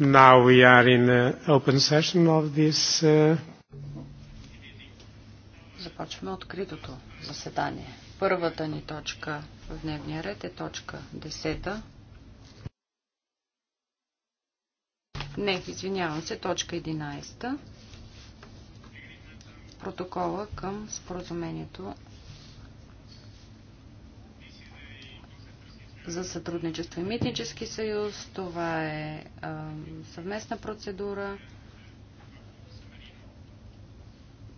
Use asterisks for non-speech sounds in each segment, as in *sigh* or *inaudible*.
Now we are in uh, open session of this. Uh, Започваме откритото заседание. Първата ни точка в дневния ред е точка 10. Не, извинявам се, точка 11. Протокола към споразумението за сътрудничество и митнически съюз. Това е а, съвместна процедура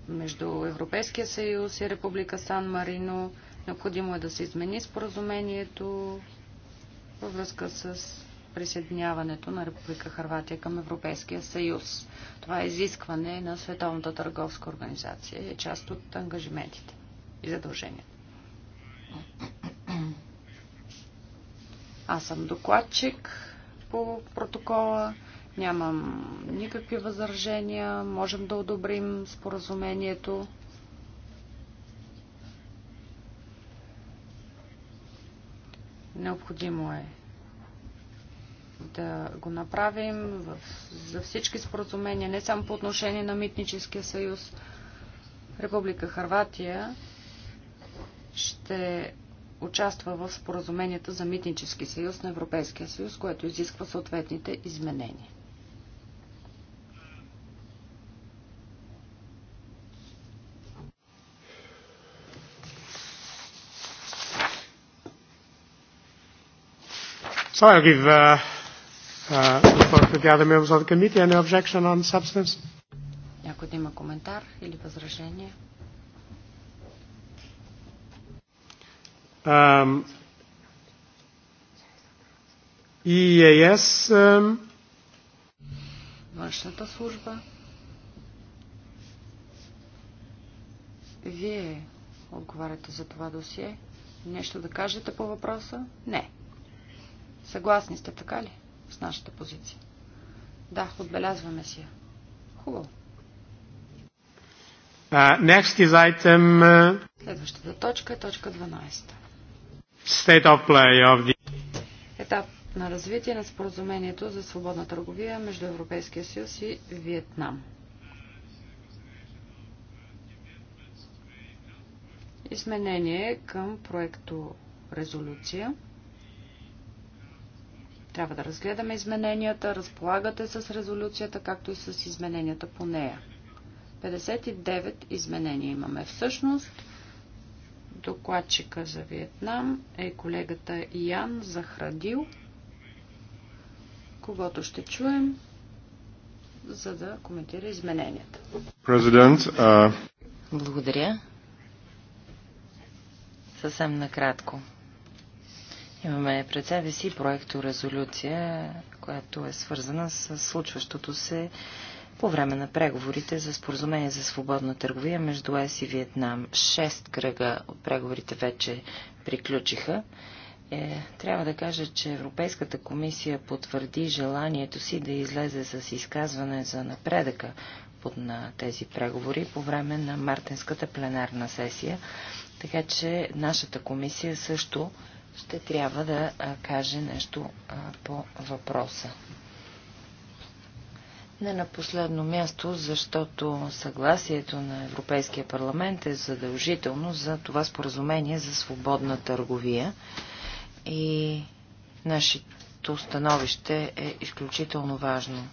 между Европейския съюз и Република Сан Марино. Необходимо е да се измени споразумението във връзка с присъединяването на Република Харватия към Европейския съюз. Това е изискване на Световната търговска организация и е част от ангажиментите и задълженията. Аз съм докладчик по протокола. Нямам никакви възражения. Можем да одобрим споразумението. Необходимо е да го направим за всички споразумения, не само по отношение на Митническия съюз. Република Харватия ще участва в споразуменията за митнически съюз на Европейския съюз, което изисква съответните изменения. So I'll give uh, uh, the floor to the other members of the committee. Any objection on substance? Някой да има коментар или възражение? Um, EAS. Um, Външната служба. Вие отговаряте за това досие. Нещо да кажете по въпроса? Не. Съгласни сте така ли с нашата позиция? Да, отбелязваме си я. Хубаво. Uh, next is item... Следващата точка е точка 12 state of play of the... Етап на развитие на споразумението за свободна търговия между Европейския съюз и Виетнам. Изменение към проекто резолюция. Трябва да разгледаме измененията, разполагате с резолюцията, както и с измененията по нея. 59 изменения имаме всъщност. Докладчика за Виетнам е колегата Ян Захрадил, когато ще чуем, за да коментира измененията. Uh... Благодаря. Съвсем накратко. Имаме пред себе си проекто резолюция, която е свързана с случващото се по време на преговорите за споразумение за свободна търговия между ЕС и Виетнам. Шест кръга от преговорите вече приключиха. Е, трябва да кажа, че Европейската комисия потвърди желанието си да излезе с изказване за напредъка под на тези преговори по време на мартинската пленарна сесия, така че нашата комисия също ще трябва да каже нещо по въпроса. Не на последно място, защото съгласието на Европейския парламент е задължително за това споразумение за свободна търговия и нашето становище е изключително важно.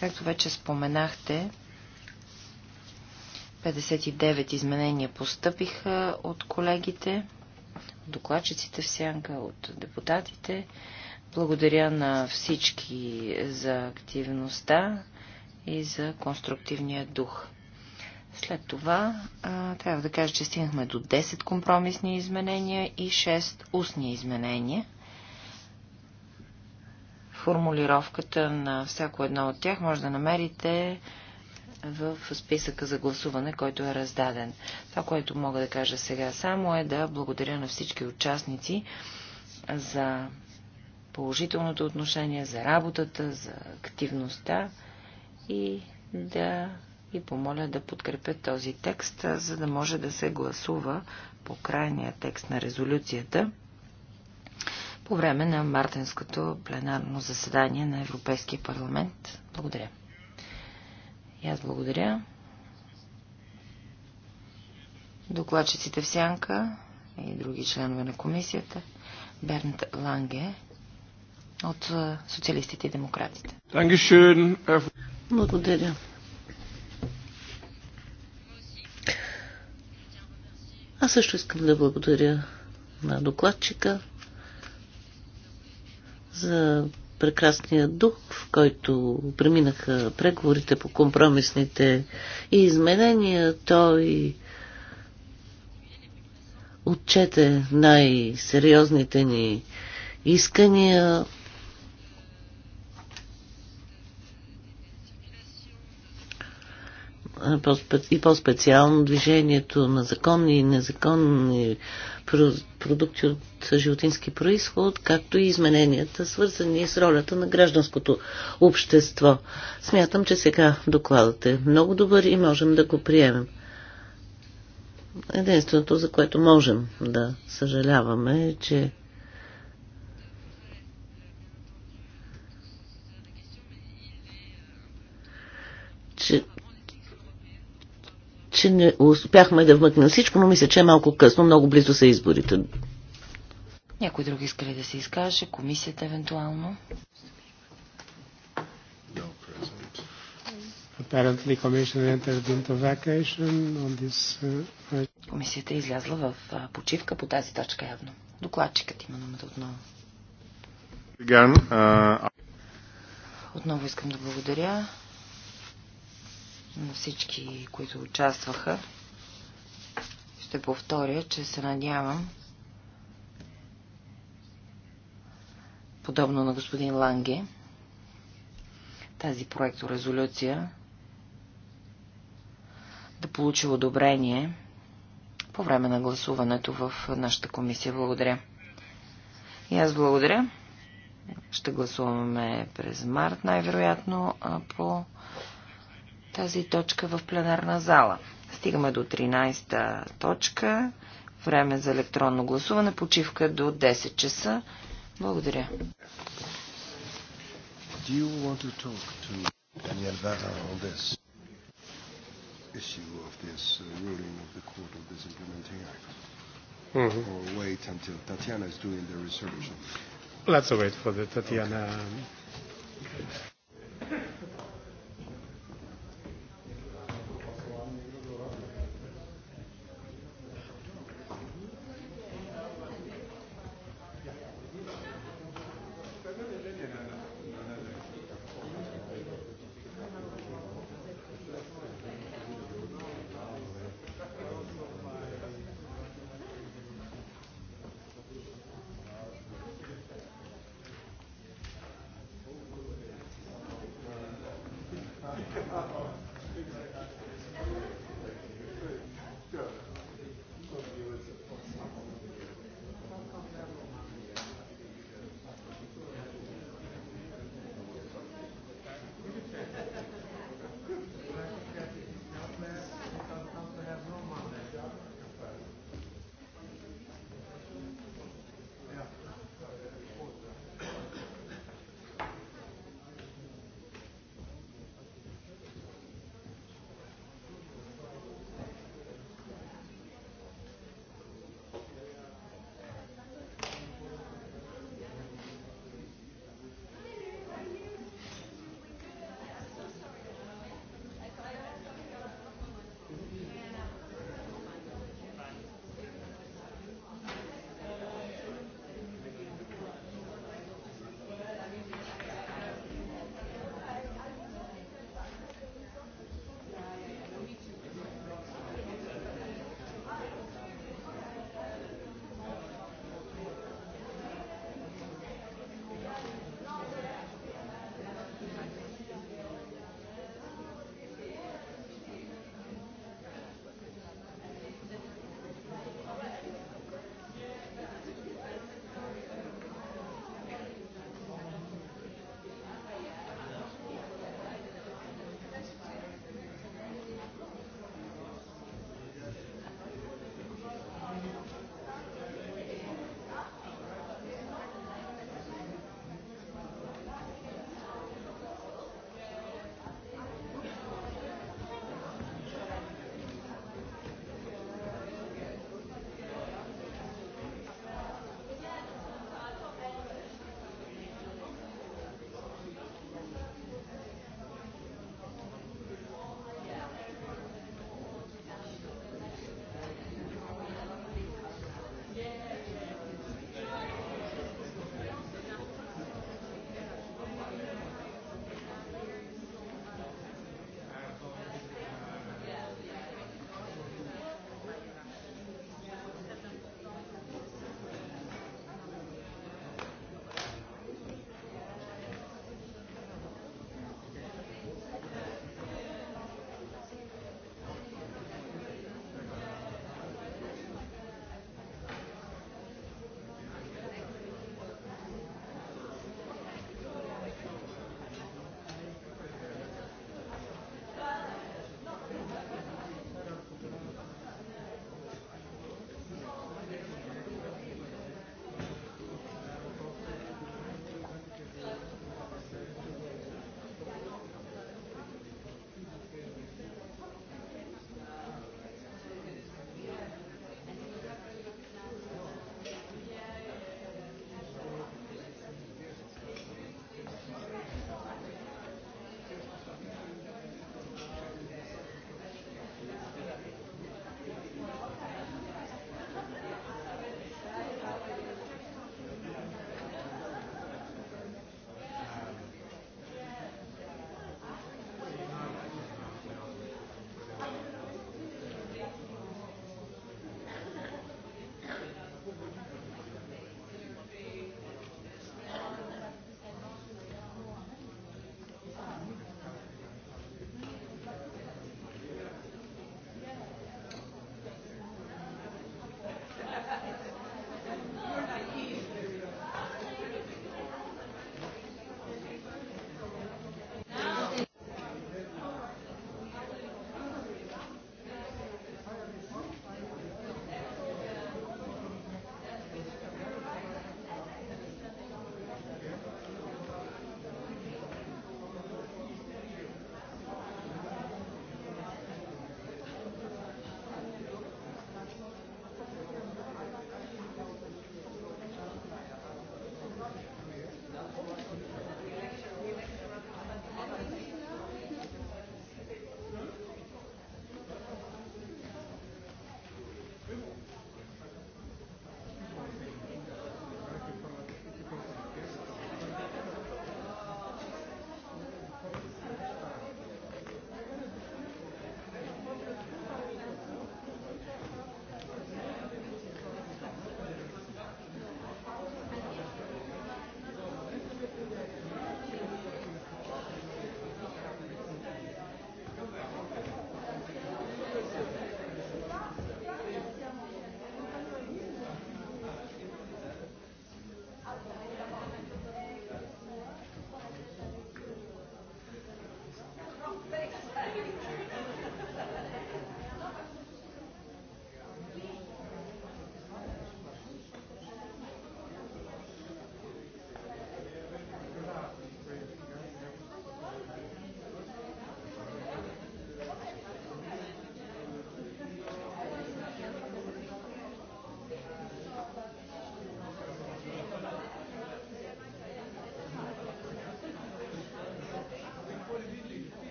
Както вече споменахте, 59 изменения постъпиха от колегите, от докладчиците в сянка, от депутатите. Благодаря на всички за активността и за конструктивния дух. След това а, трябва да кажа, че стигнахме до 10 компромисни изменения и 6 устни изменения. Формулировката на всяко едно от тях може да намерите в списъка за гласуване, който е раздаден. Това, което мога да кажа сега само е да благодаря на всички участници за положителното отношение за работата, за активността и да ви помоля да подкрепят този текст, за да може да се гласува по крайния текст на резолюцията по време на мартенското пленарно заседание на Европейския парламент. Благодаря. И аз благодаря. Докладчиците в Сянка и други членове на комисията. Бернт Ланге от е, социалистите и демократите. Благодаря. Аз също искам да благодаря на докладчика за прекрасния дух, в който преминаха преговорите по компромисните и изменения. Той отчете най-сериозните ни искания и по-специално движението на законни и незаконни продукти от животински происход, както и измененията, свързани с ролята на гражданското общество. Смятам, че сега докладът е много добър и можем да го приемем. Единственото, за което можем да съжаляваме, е, че че че не успяхме да вмъкнем всичко, но мисля, че е малко късно, много близо са изборите. Някой друг иска ли да се изкаже? Комисията евентуално? Uh, uh, Комисията е излязла в почивка по тази точка явно. Докладчикът има номер отново. Uh, отново искам да благодаря на всички, които участваха. Ще повторя, че се надявам, подобно на господин Ланге, тази проекторезолюция да получи одобрение по време на гласуването в нашата комисия. Благодаря. И аз благодаря. Ще гласуваме през март, най-вероятно, по тази точка в пленарна зала. Стигаме до 13-та точка. Време за електронно гласуване. Почивка до 10 часа. Благодаря. Do you want to talk to Daniel Barra on this issue of this uh, ruling of the Court of this implementing act? Mm-hmm. Or wait until Tatiana is doing the resolution? Let's wait for the Tatiana. Okay.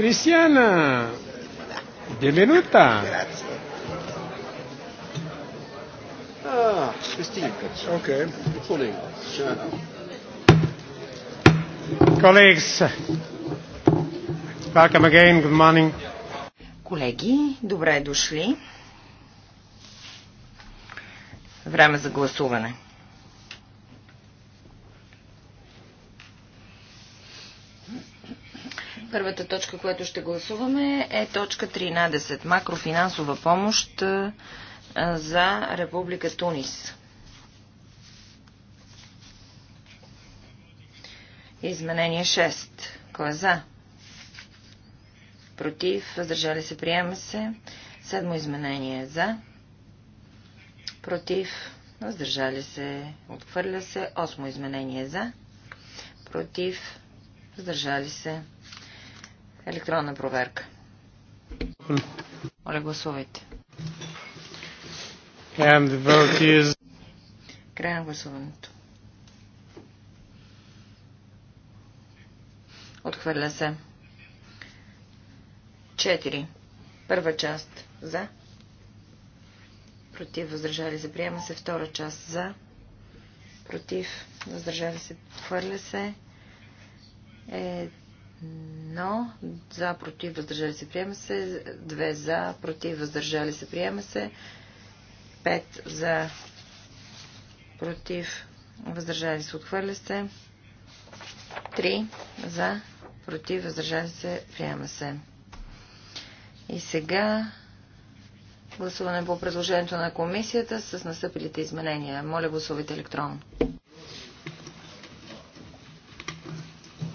Cristiana, benvenuta. Grazie. Ah, Christine. Okay. Colleagues, welcome again. Good morning. Колеги, добре дошли. Време за гласуване. Първата точка, която ще гласуваме е точка 13. Макрофинансова помощ за Република Тунис. Изменение 6. Кой е за? Против. Въздържали се. Приема се. Седмо изменение е за. Против. Въздържали се. Отхвърля се. Осмо изменение е за. Против. Въздържали се. Електронна проверка. Моля, гласувайте. And the vote is... Край на гласуването. Отхвърля се. Четири. Първа част. За. Против. Въздържали се. Приема се. Втора част. За. Против. Въздържали се. Отхвърля се. Е, но за, против, въздържали се, приема се. 2 за, против, въздържали се, приема се. 5 за, против, въздържали се, отхвърля се. 3 за, против, въздържали се, приема се. И сега гласуване по предложението на комисията с настъпилите изменения. Моля гласувайте електронно.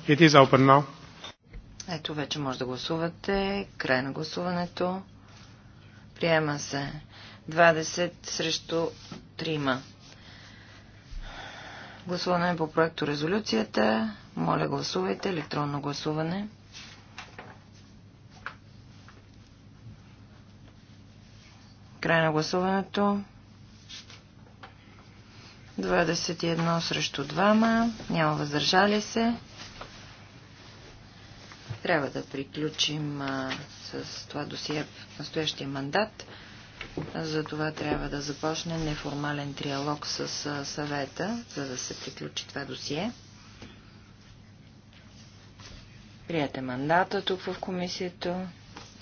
It is open now. Ето вече може да гласувате. Край на гласуването. Приема се 20 срещу 3. Гласуване по проекто резолюцията. Моля гласувайте. Електронно гласуване. Край на гласуването. 21 срещу 2. Няма въздържали се. Трябва да приключим а, с това досие в настоящия мандат. За това трябва да започне неформален триалог с а, съвета, за да се приключи това досие. Прияте мандата тук в комисията.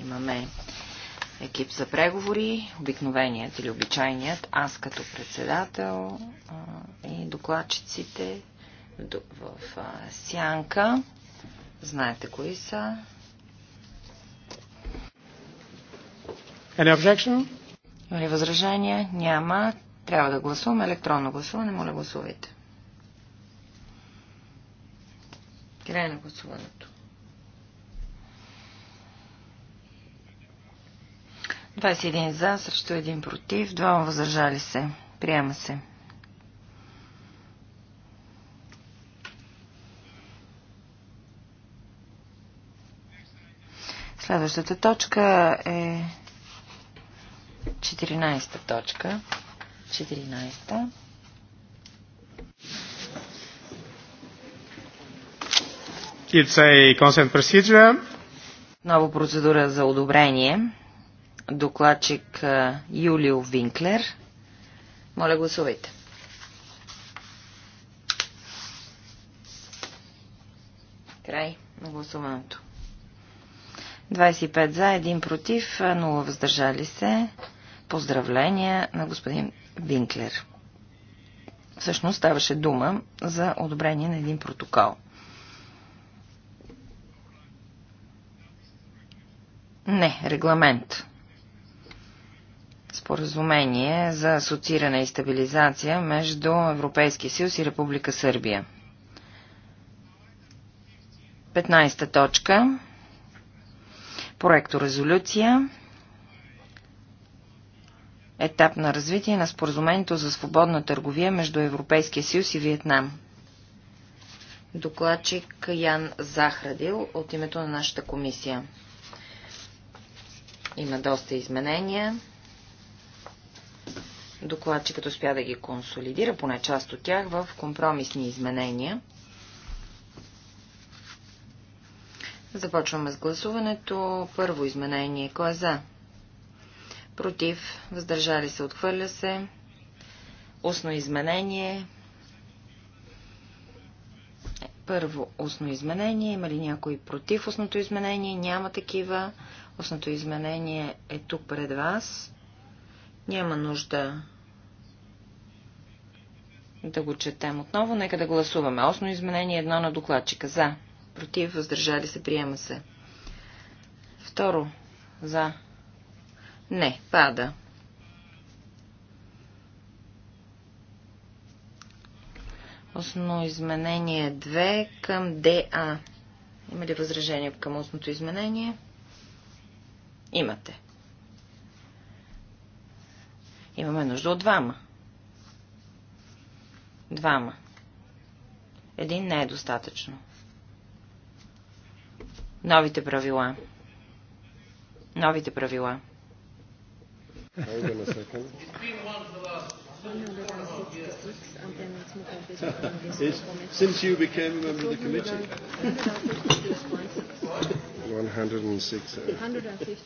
Имаме екип за преговори, обикновеният или обичайният, аз като председател а, и докладчиците в сянка. Знаете кои са. Any objection? Има ли възражения? Няма. Трябва да гласуваме електронно гласуване. Моля, гласувайте. Край на гласуването. 21 за, срещу 1 против, 2 възражали се. Приема се. Следващата точка е 14-та точка. 14-та. It's a consent procedure. Нова процедура за одобрение. Докладчик Юлио Винклер. Моля, гласувайте. Край на гласуването. 25 за, 1 против, 0 въздържали се. Поздравления на господин Винклер. Всъщност ставаше дума за одобрение на един протокол. Не, регламент. Споразумение за асоцииране и стабилизация между Европейския съюз и Република Сърбия. 15 точка проекто резолюция етап на развитие на споразумението за свободна търговия между Европейския съюз и Виетнам. Докладчик Ян Захрадил от името на нашата комисия. Има доста изменения. Докладчикът успя да ги консолидира, поне част от тях, в компромисни изменения – Започваме с гласуването. Първо изменение. Кой е за? Против. Въздържали се. Отхвърля се. Устно изменение. Първо устно изменение. Има ли някой против устното изменение? Няма такива. Устното изменение е тук пред вас. Няма нужда да го четем отново. Нека да гласуваме. Осно изменение едно на докладчика. За. Против, въздържали се, приема се. Второ. За. Не, пада. Основно изменение 2 към ДА. Има ли възражение към устното изменение? Имате. Имаме нужда от двама. Двама. Един не е достатъчно. Новите правила. Новите правила. Since you became a member of the committee. 156. 156.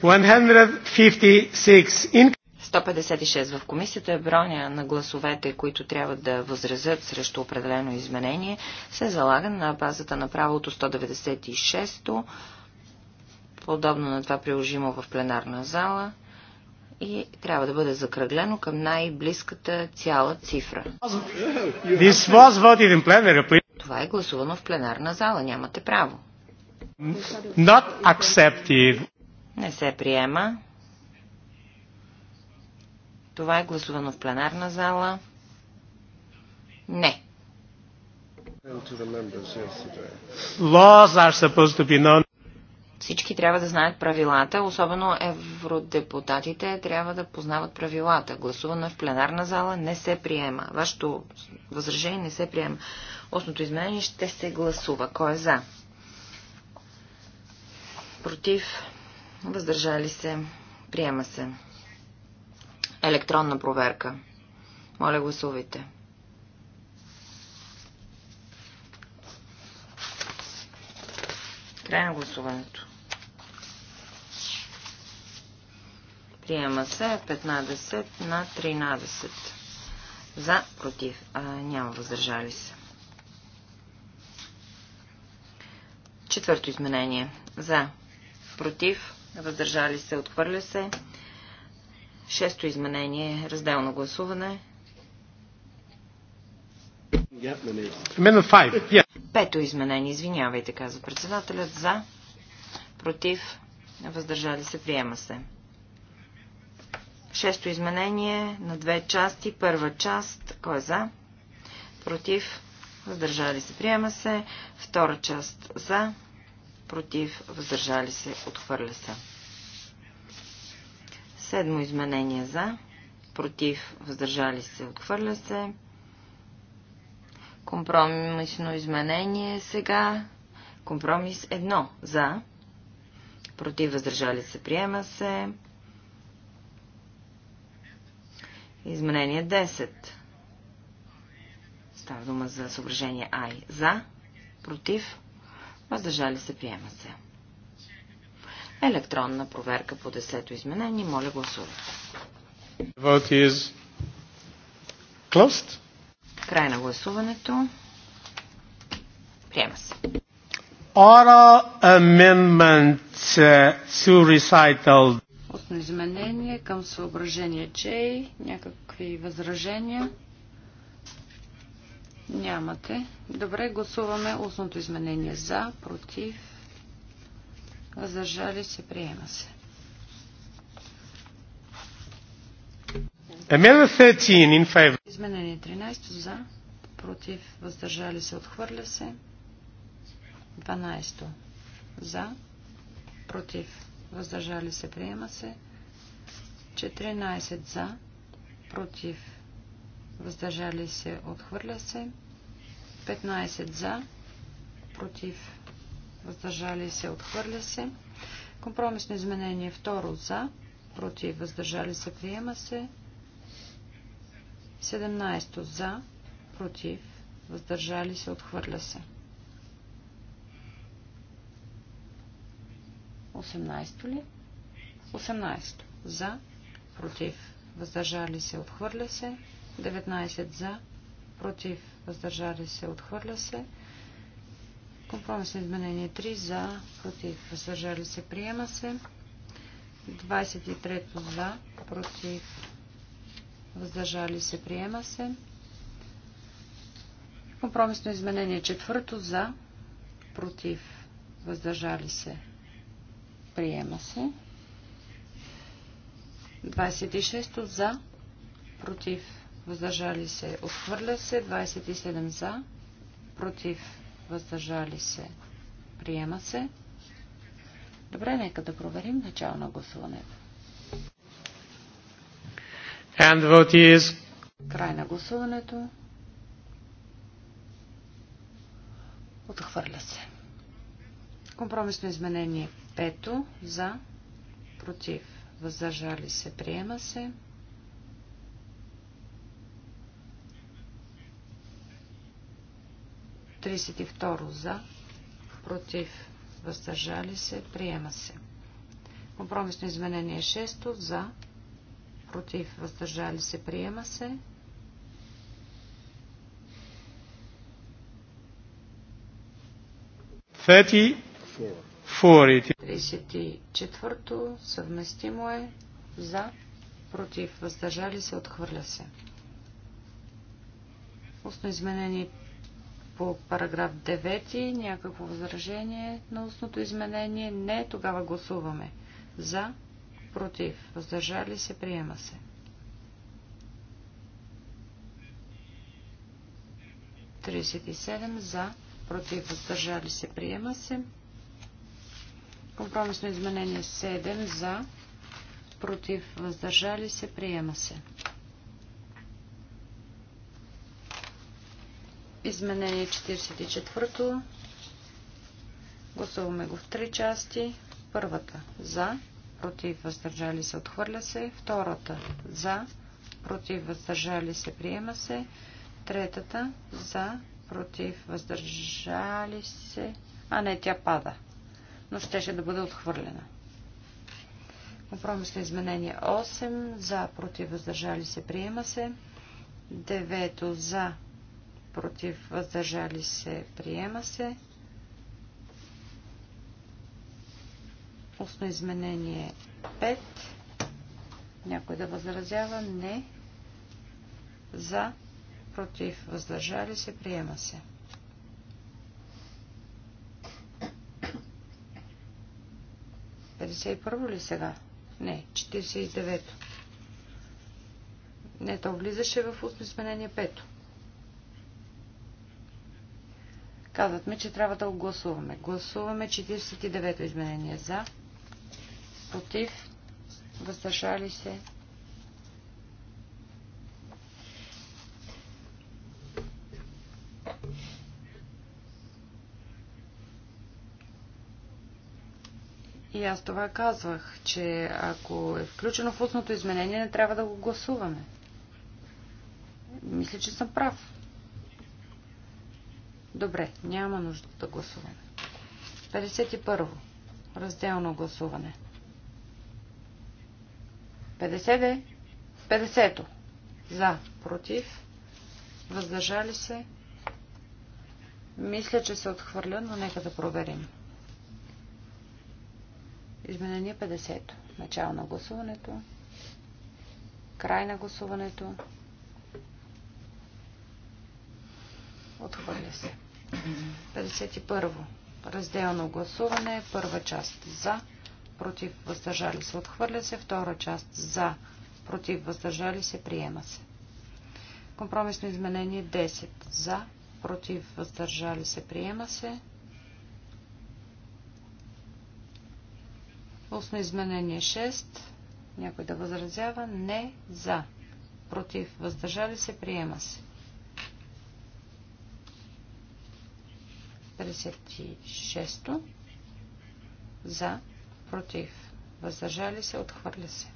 156. In 156 в комисията е броня на гласовете, които трябва да възразят срещу определено изменение, се залага на базата на правото 196, подобно на това приложимо в пленарна зала и трябва да бъде закръглено към най-близката цяла цифра. Това е гласувано в пленарна зала, нямате право. Не се приема. Това е гласувано в пленарна зала. Не. Всички трябва да знаят правилата, особено евродепутатите трябва да познават правилата. Гласувано в пленарна зала не се приема. Вашето възражение не се приема. Осното изменение ще се гласува. Кой е за? Против? Въздържали се? Приема се електронна проверка. Моля, гласувайте. Край на гласуването. Приема се 15 на 13. За, против. А, няма въздържали се. Четвърто изменение. За, против. Въздържали се. Отхвърля се. Шесто изменение, разделно гласуване. Пето изменение, извинявайте, каза председателят. За, против, въздържали се, приема се. Шесто изменение на две части. Първа част, кой е за? Против, въздържали се, приема се. Втора част за, против, въздържали се, отхвърля се. Седмо изменение за, против, въздържали се, отхвърля се. Компромисно изменение сега. Компромис едно за, против, въздържали се, приема се. Изменение 10. Става дума за съображение Ай. За, против, въздържали се, приема се. Електронна проверка по 10-то изменение. Моля гласувайте. Край на гласуването. Приема се. Oral amendment uh, to recital. Отно изменение към съображение J. Някакви възражения? Нямате. Добре, гласуваме устното изменение за, против, въздържали се, приема се. Изменение 13 за, против, въздържали се, отхвърля се. 12 за, против, въздържали се, приема се. 14 за, против, въздържали се, отхвърля се. 15 за, против, въздържали се, отхвърля се. Компромисно изменение второ за, против, въздържали се, приема се. 17 за, против, въздържали се, отхвърля се. 18 ли? 18 за, против, въздържали се, отхвърля се. 19 за, против, въздържали се, отхвърля се. Компромисно изменение 3 за, против, въздържали се, приема се. 23-то за, против, въздържали се, приема се. Компромисно изменение 4 за, против, въздържали се, приема се. 26-то за, против, въздържали се, отхвърля се. 27 за, против, въздържали се, приема се. Добре, нека да проверим начало на гласуването. And vote is... Край на гласуването. Отхвърля се. Компромисно изменение пето за, против, въздържали се, приема се. 32 за, против, въздържали се, приема се. Компромисно изменение 6 за, против, въздържали се, приема се. Thirty. 34-то съвместимо е за, против, въздържали се, отхвърля се. Устно изменение по параграф 9 някакво възражение на устното изменение? Не, тогава гласуваме. За, против, въздържали се, приема се. за, против, въздържали се, приема се. Компромисно изменение 7 за, против, въздържали се, приема се. Изменение 44. Гласуваме го в три части. Първата за, против, въздържали се, отхвърля се. Втората за, против, въздържали се, приема се. Третата за, против, въздържали се. А не, тя пада. Но щеше да бъде отхвърлена. Компромисно изменение 8. За, против, въздържали се, приема се. Девето за, против, въздържали се, приема се. Устно изменение 5. Някой да възразява? Не. За, против, въздържали се, приема се. Петдесет и първо ли сега? Не, 49-то. Не, то влизаше в устно изменение 5. Казват ми, че трябва да го гласуваме. Гласуваме 49-то изменение за, против, въздържали се. И аз това казвах, че ако е включено в устното изменение, не трябва да го гласуваме. Мисля, че съм прав. Добре, няма нужда да гласуваме. 51. Разделно гласуване. 50 е. 50 За, против, въздържали се. Мисля, че се отхвърля, но нека да проверим. Изменение 50. то Начало на гласуването. Край на гласуването. Отхвърля се. 51. Разделно гласуване. Първа част за, против, въздържали се, отхвърля се. Втора част за, против, въздържали се, приема се. Компромисно изменение 10. За, против, въздържали се, приема се. Устно изменение 6. Някой да възразява? Не. За. Против. Въздържали се. Приема се. 56 за, против, въздържали се, отхвърля се.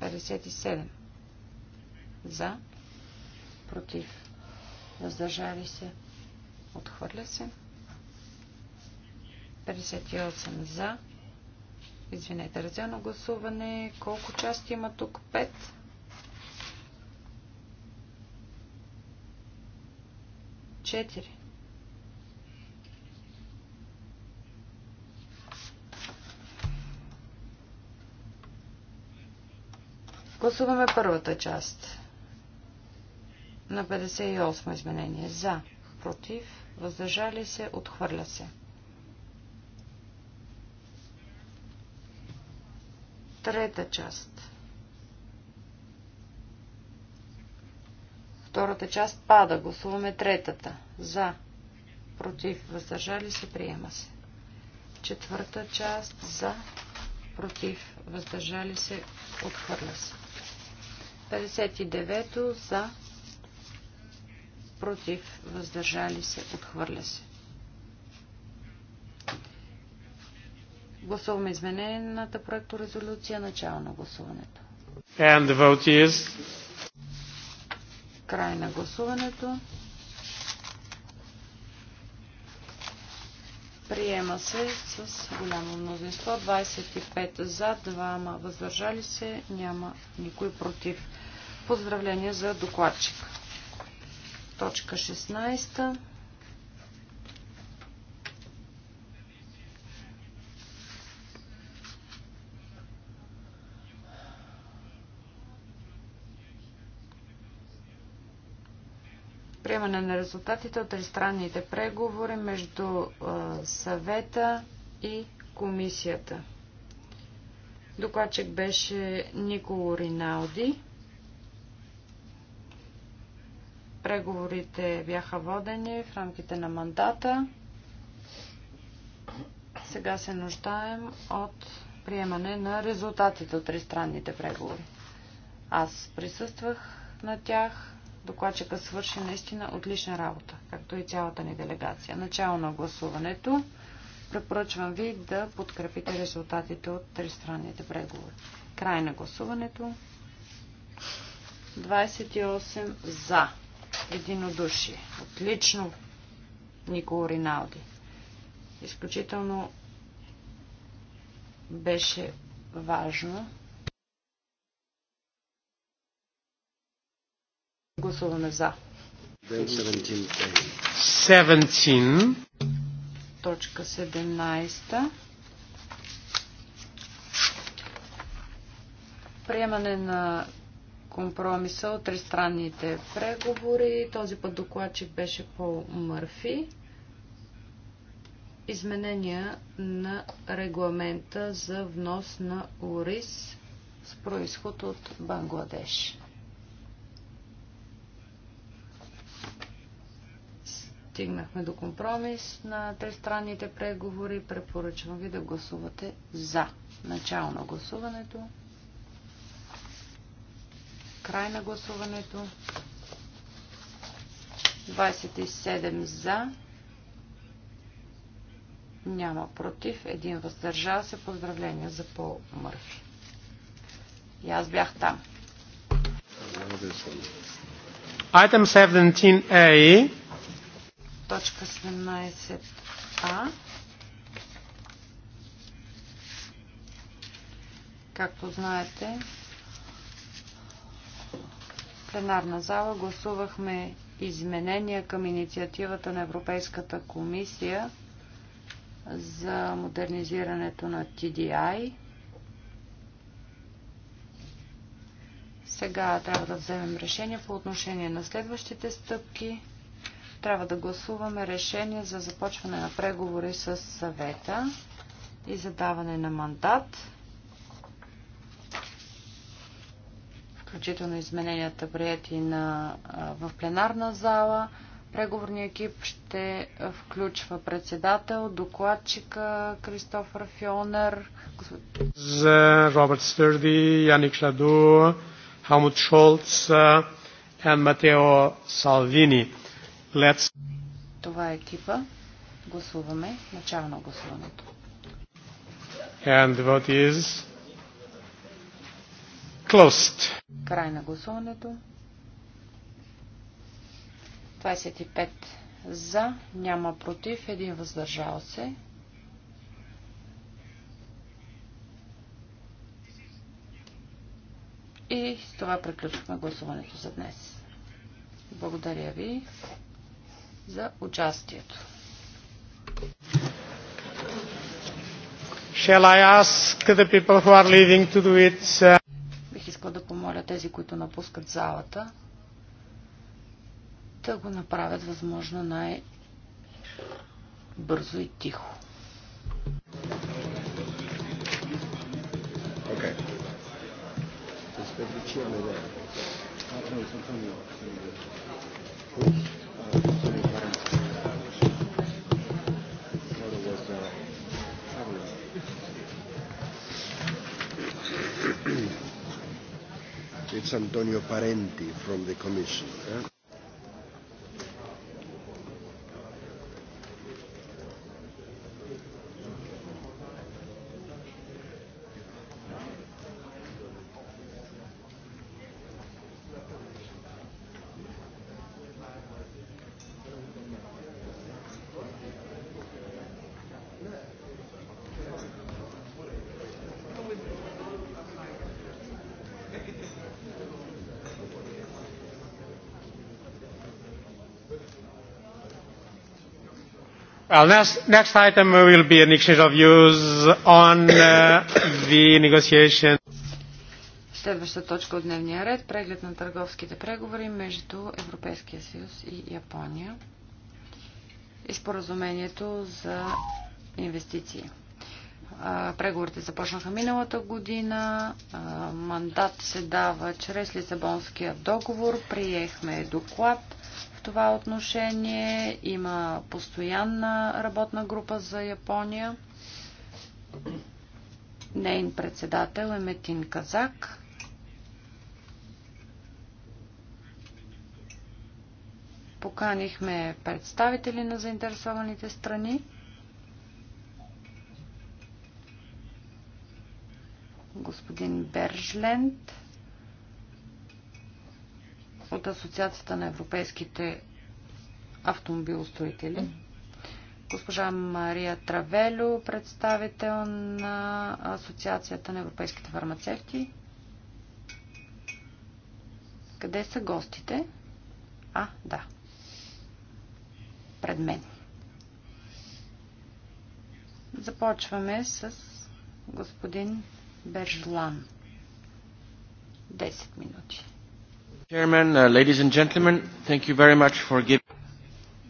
57 за, против, въздържали се, отхвърля се. 58 за, извинете, разделно гласуване, колко части има тук? 5 54. Гласуваме първата част на 58 изменение. За, против, въздържали се, отхвърля се. Трета част. Втората част пада. Гласуваме третата. За. Против. Въздържали се. Приема се. Четвърта част. За. Против. Въздържали се. Отхвърля се. 59-то. За. Против. Въздържали се. Отхвърля се. Гласуваме изменената проекторезолюция. Начало на гласуването. And the vote is Край на гласуването. Приема се с голямо мнозинство. 25 за, 2 въздържали се, няма никой против. Поздравление за докладчик. Точка 16. приемане на резултатите от тристранните преговори между съвета и комисията. Докладчик беше Николо Риналди. Преговорите бяха водени в рамките на мандата. Сега се нуждаем от приемане на резултатите от тристранните преговори. Аз присъствах на тях Докладчика свърши наистина отлична работа, както и цялата ни делегация. Начало на гласуването. Препоръчвам ви да подкрепите резултатите от тристранните преговори. Край на гласуването. 28 за. Единодушие. Отлично, Николо Риналди. Изключително беше важно Гласуваме за. 17. Точка 17. Приемане на компромиса от тристранните преговори. Този път докладчик беше по Мърфи. Изменения на регламента за внос на Орис с происход от Бангладеш. стигнахме до компромис на тристранните преговори. Препоръчвам ви да гласувате за начало на гласуването, край на гласуването, 27 за, няма против, един въздържал се. Поздравления за Пол Мърфи. И аз бях там. Item 17A точка 17а. Както знаете, в пленарна зала гласувахме изменения към инициативата на Европейската комисия за модернизирането на TDI. Сега трябва да вземем решение по отношение на следващите стъпки. Трябва да гласуваме решение за започване на преговори с съвета и задаване на мандат, включително измененията прияти на, в пленарна зала. Преговорният екип ще включва председател, докладчика Кристофър Фионер, за Робърт Стърди, Яник Шаду, Хамут Шолц и Матео Салвини. Let's... Това е екипа. Гласуваме начало на гласуването. And the vote is closed. Край на гласуването. 25 за, няма против, един въздържал се. И с това приключваме гласуването за днес. Благодаря ви за участието. Shall I ask the people who are leaving to do it? Бих искал да помоля тези, които напускат залата, да го направят възможно най-бързо и тихо. Okay. It's Antonio Parenti from the Commission. Eh? Well, next, next item will be an exchange of views on uh, the negotiation. Следваща точка от дневния ред – преглед на търговските преговори между Европейския съюз и Япония и споразумението за инвестиции. Преговорите започнаха миналата година. Мандат се дава чрез Лисабонския договор. Приехме доклад – в това отношение. Има постоянна работна група за Япония. Нейн председател е Метин Казак. Поканихме представители на заинтересованите страни. Господин Бержленд от Асоциацията на европейските автомобилостроители. Госпожа Мария Травелю, представител на Асоциацията на европейските фармацевти. Къде са гостите? А, да. Пред мен. Започваме с господин Бержлан. 10 минути. Uh,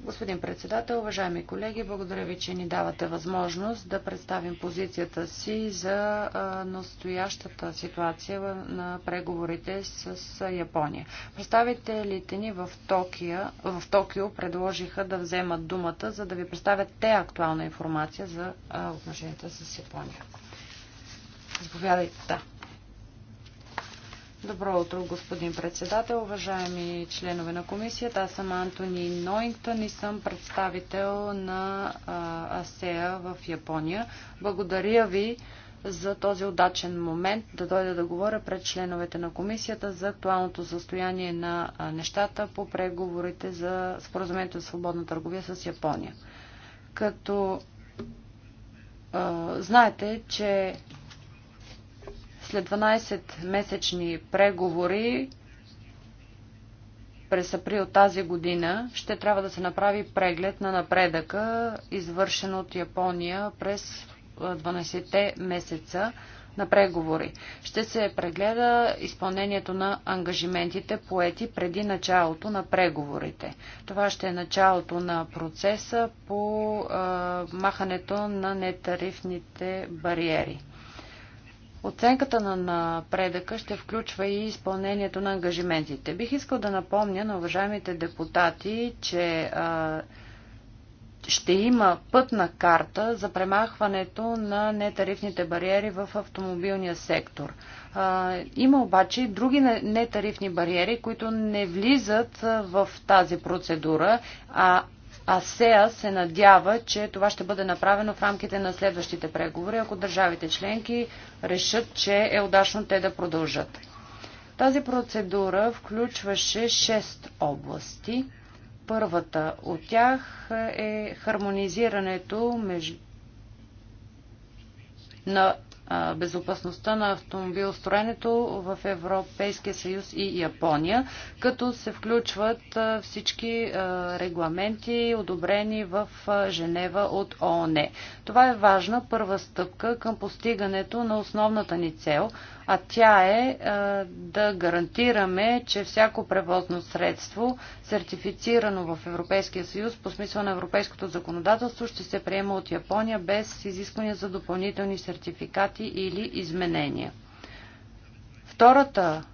Господин председател, уважаеми колеги, благодаря ви, че ни давате възможност да представим позицията си за настоящата ситуация на преговорите с Япония. Представителите ни в, Токио, в Токио предложиха да вземат думата, за да ви представят те актуална информация за отношенията с Япония. Заповядайте. Да. Добро утро, господин председател, уважаеми членове на комисията. Аз съм Антони Ноингтън и съм представител на АСЕА в Япония. Благодаря ви за този удачен момент да дойда да говоря пред членовете на комисията за актуалното състояние на нещата по преговорите за споразумението за свободна търговия с Япония. Като а, знаете, че след 12-месечни преговори през април тази година ще трябва да се направи преглед на напредъка, извършен от Япония през 12-те месеца на преговори. Ще се прегледа изпълнението на ангажиментите поети преди началото на преговорите. Това ще е началото на процеса по а, махането на нетарифните бариери. Оценката на напредъка ще включва и изпълнението на ангажиментите. Бих искал да напомня на уважаемите депутати, че а, ще има пътна карта за премахването на нетарифните бариери в автомобилния сектор. А, има обаче и други нетарифни бариери, които не влизат в тази процедура, а а СЕА се надява, че това ще бъде направено в рамките на следващите преговори, ако държавите членки решат, че е удачно те да продължат. Тази процедура включваше 6 области. Първата от тях е хармонизирането между на безопасността на автомобилостроенето в Европейския съюз и Япония, като се включват всички регламенти, одобрени в Женева от ООН. Това е важна първа стъпка към постигането на основната ни цел – а тя е да гарантираме, че всяко превозно средство, сертифицирано в Европейския съюз по смисъл на европейското законодателство, ще се приема от Япония без изисквания за допълнителни сертификати или изменения. Втората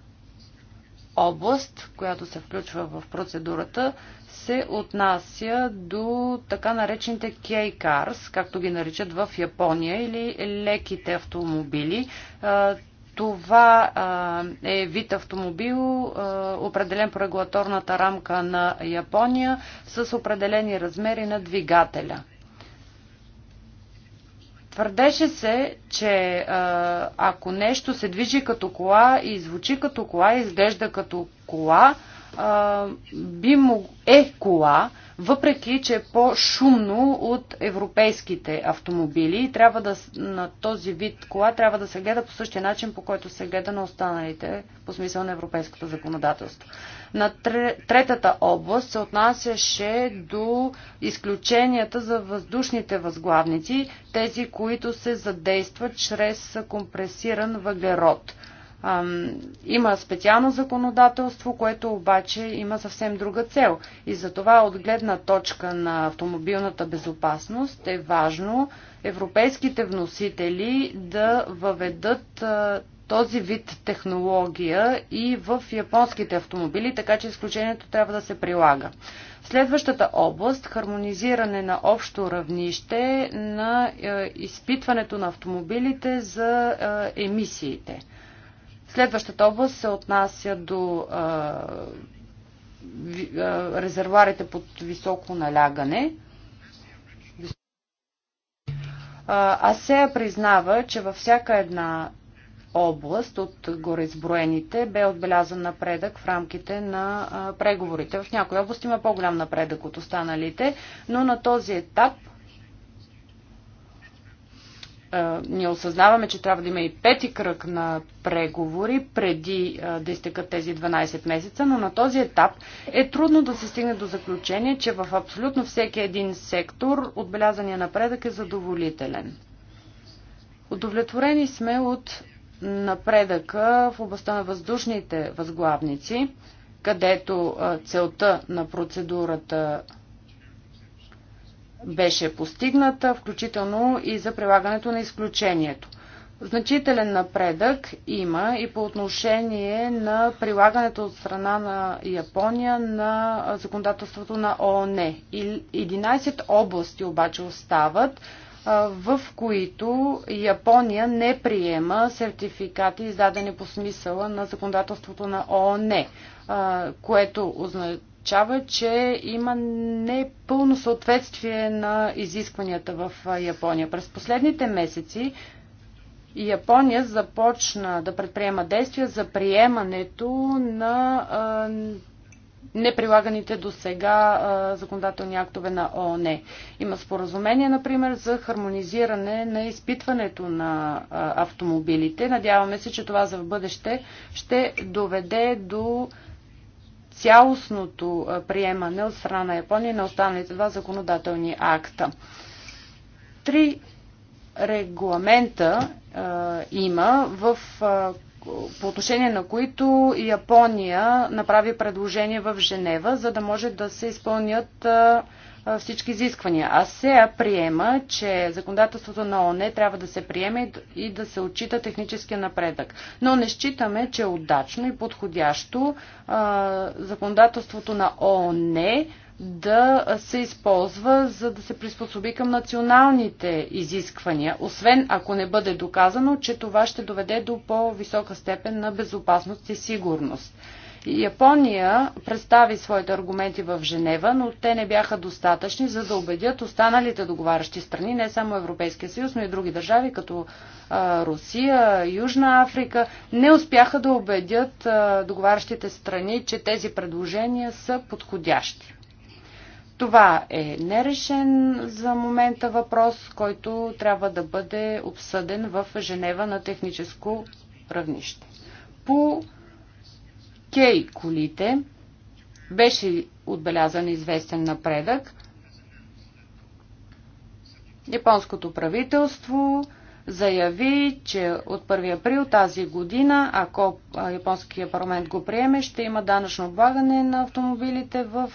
област, която се включва в процедурата, се отнася до така наречените K-Cars, както ги наричат в Япония, или леките автомобили. Това а, е вид автомобил, а, определен по регулаторната рамка на Япония, с определени размери на двигателя. Твърдеше се, че а, ако нещо се движи като кола и звучи като кола, изглежда като кола, а, би мог... е кола, въпреки че е по-шумно от европейските автомобили. Трябва да, на този вид кола трябва да се гледа по същия начин, по който се гледа на останалите, по смисъл на европейското законодателство. На третата област се отнасяше до изключенията за въздушните възглавници, тези, които се задействат чрез компресиран въглерод – има специално законодателство, което обаче има съвсем друга цел. И за това от гледна точка на автомобилната безопасност е важно европейските вносители да въведат този вид технология и в японските автомобили, така че изключението трябва да се прилага. Следващата област хармонизиране на общо равнище на е, изпитването на автомобилите за е, емисиите. Следващата област се отнася до а, ви, а, резервуарите под високо налягане. АСЕА признава, че във всяка една област от гореизброените бе отбелязан напредък в рамките на преговорите. В някои области има по-голям напредък от останалите, но на този етап е, ние осъзнаваме, че трябва да има и пети кръг на преговори преди е, да изтекат тези 12 месеца, но на този етап е трудно да се стигне до заключение, че в абсолютно всеки един сектор отбелязания напредък е задоволителен. Удовлетворени сме от напредъка в областта на въздушните възглавници, където е, целта на процедурата беше постигната, включително и за прилагането на изключението. Значителен напредък има и по отношение на прилагането от страна на Япония на законодателството на ООН. 11 области обаче остават, в които Япония не приема сертификати, издадени по смисъла на законодателството на ООН, което означава означава, че има непълно съответствие на изискванията в Япония. През последните месеци Япония започна да предприема действия за приемането на неприлаганите до сега законодателни актове на ООН. Има споразумение, например, за хармонизиране на изпитването на автомобилите. Надяваме се, че това за в бъдеще ще доведе до цялостното приемане от страна на Япония на останалите два законодателни акта. Три регламента а, има в а, по отношение на които Япония направи предложение в Женева, за да може да се изпълнят а, всички изисквания. А сега приема, че законодателството на ОНЕ трябва да се приеме и да се отчита техническия напредък. Но не считаме, че е удачно и подходящо законодателството на ООН да се използва, за да се приспособи към националните изисквания, освен ако не бъде доказано, че това ще доведе до по-висока степен на безопасност и сигурност. Япония представи своите аргументи в Женева, но те не бяха достатъчни, за да убедят останалите договарящи страни, не само Европейския съюз, но и други държави, като а, Русия, Южна Африка, не успяха да убедят а, договарящите страни, че тези предложения са подходящи. Това е нерешен за момента въпрос, който трябва да бъде обсъден в Женева на техническо равнище. По кей колите беше отбелязан известен напредък. Японското правителство заяви, че от 1 април тази година, ако японския парламент го приеме, ще има данъчно облагане на автомобилите в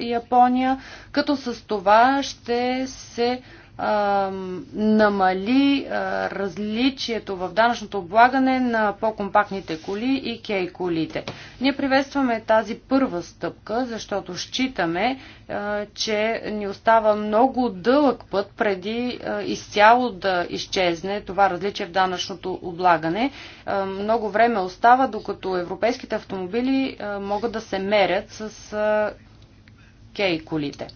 Япония, като с това ще се намали различието в данъчното облагане на по-компактните коли и кей колите. Ние приветстваме тази първа стъпка, защото считаме, че ни остава много дълъг път преди изцяло да изчезне това различие в данъчното облагане. Много време остава, докато европейските автомобили могат да се мерят с кей колите.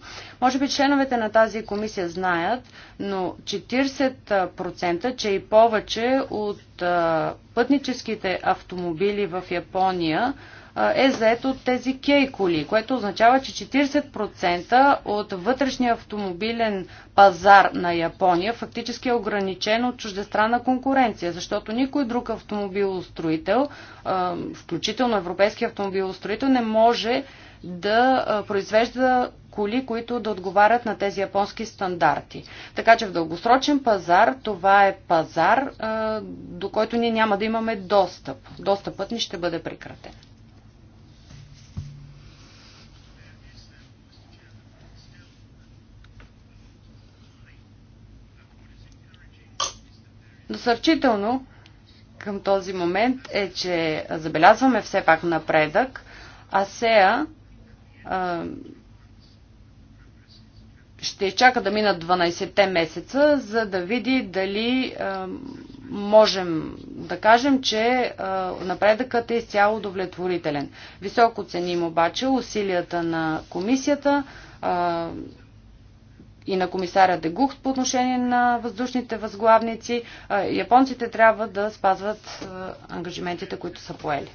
Може би членовете на тази комисия знаят, но 40%, че и повече от пътническите автомобили в Япония е заето от тези кейколи, което означава, че 40% от вътрешния автомобилен пазар на Япония фактически е ограничен от чуждестранна конкуренция, защото никой друг автомобилостроител, включително европейски автомобилостроител, не може да произвежда коли, които да отговарят на тези японски стандарти. Така че в дългосрочен пазар това е пазар, до който ние няма да имаме достъп. Достъпът ни ще бъде прекратен. Насърчително към този момент е, че забелязваме все пак напредък. АСЕА ще чака да минат 12-те месеца, за да види дали е, можем да кажем, че е, напредъкът е изцяло удовлетворителен. Високо ценим обаче усилията на комисията е, и на комисаря Дегухт по отношение на въздушните възглавници. Японците трябва да спазват ангажиментите, които са поели.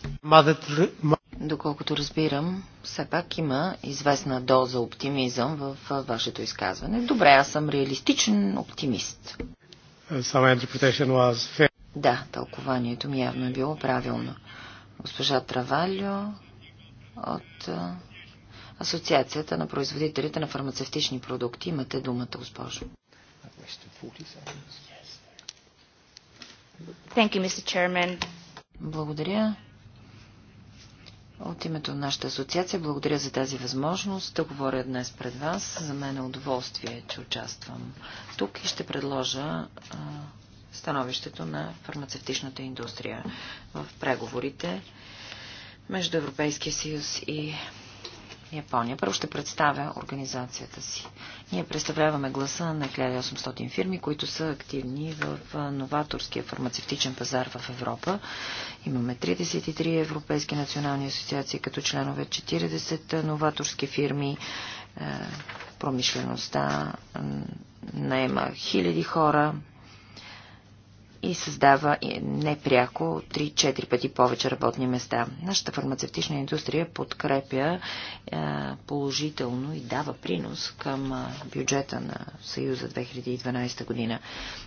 Доколкото разбирам, все пак има известна доза оптимизъм в вашето изказване. Добре, аз съм реалистичен оптимист. Да, тълкованието ми явно е било правилно. Госпожа Травалио от Асоциацията на производителите на фармацевтични продукти. Имате думата, госпожо. You, Благодаря. От името на нашата асоциация благодаря за тази възможност да говоря днес пред вас. За мен е удоволствие, че участвам тук и ще предложа а, становището на фармацевтичната индустрия в преговорите между Европейския съюз и Япония. Първо ще представя организацията си. Ние представляваме гласа на 1800 фирми, които са активни в новаторския фармацевтичен пазар в Европа. Имаме 33 европейски национални асоциации като членове, 40 новаторски фирми, е, промишлеността наема хиляди хора, и създава непряко 3-4 пъти повече работни места. Нашата фармацевтична индустрия подкрепя е, положително и дава принос към е, бюджета на Съюза 2012 година.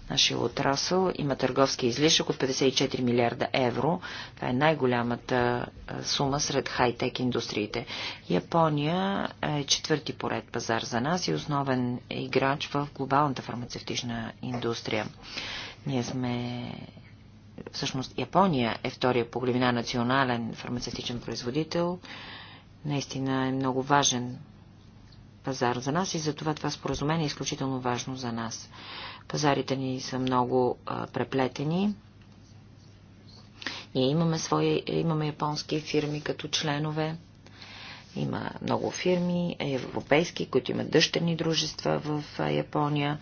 Нашия отрасъл има търговски излишък от 54 милиарда евро. Това е най-голямата е, сума сред хай-тек индустриите. Япония е четвърти поред пазар за нас и основен играч в глобалната фармацевтична индустрия. Ние сме... Всъщност Япония е втория по големина национален фармацевтичен производител. Наистина е много важен пазар за нас и затова това споразумение е изключително важно за нас. Пазарите ни са много а, преплетени. Ние имаме, свои, имаме японски фирми като членове. Има много фирми, европейски, които имат дъщерни дружества в Япония.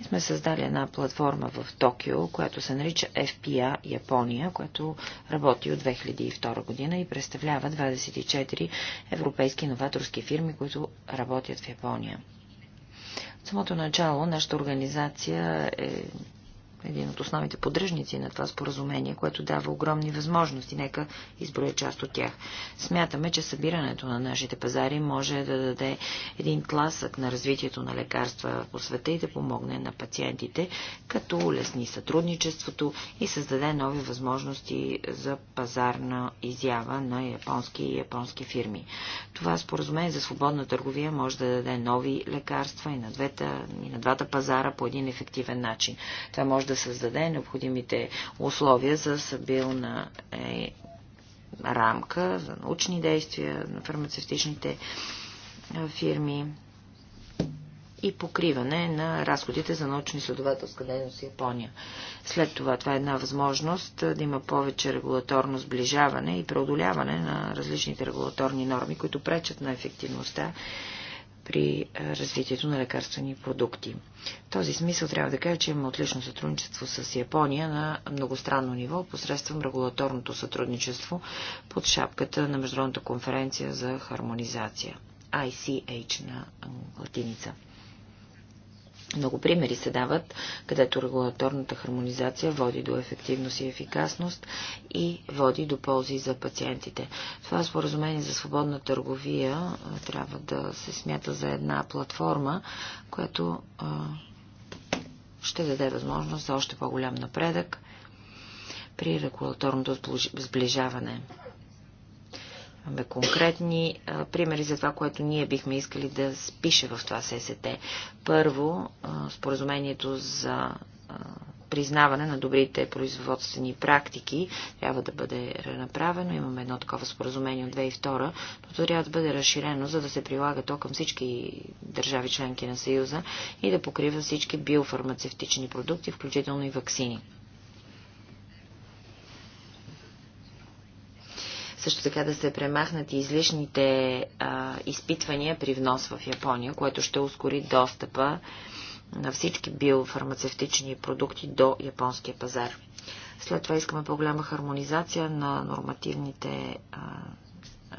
И сме създали една платформа в Токио, която се нарича FPA Япония, която работи от 2002 година и представлява 24 европейски новаторски фирми, които работят в Япония. От самото начало нашата организация е един от основните поддръжници на това споразумение, което дава огромни възможности. Нека изброя част от тях. Смятаме, че събирането на нашите пазари може да даде един тласък на развитието на лекарства по света и да помогне на пациентите, като улесни сътрудничеството и създаде нови възможности за пазарна изява на японски и японски фирми. Това споразумение за свободна търговия може да даде нови лекарства и на, двете, и на двата пазара по един ефективен начин. Това може да създаде необходимите условия за събилна е, рамка за научни действия на фармацевтичните е, фирми и покриване на разходите за научно-изследователска дейност в Япония. След това това е една възможност е, да има повече регулаторно сближаване и преодоляване на различните регулаторни норми, които пречат на ефективността при развитието на лекарствени продукти. В този смисъл трябва да кажа, че имаме отлично сътрудничество с Япония на многостранно ниво посредством регулаторното сътрудничество под шапката на Международната конференция за хармонизация. ICH на латиница. Много примери се дават, където регулаторната хармонизация води до ефективност и ефикасност и води до ползи за пациентите. Това споразумение за свободна търговия трябва да се смята за една платформа, която ще даде възможност за още по-голям напредък при регулаторното сближаване. Имаме конкретни а, примери за това, което ние бихме искали да спише в това ССТ. Първо, а, споразумението за а, признаване на добрите производствени практики трябва да бъде направено. Имаме едно такова споразумение от 2002, но то трябва да бъде разширено, за да се прилага то към всички държави членки на Съюза и да покрива всички биофармацевтични продукти, включително и вакцини. Също така да се премахнат и излишните а, изпитвания при внос в Япония, което ще ускори достъпа на всички биофармацевтични продукти до японския пазар. След това искаме по-голяма хармонизация на нормативните а, а,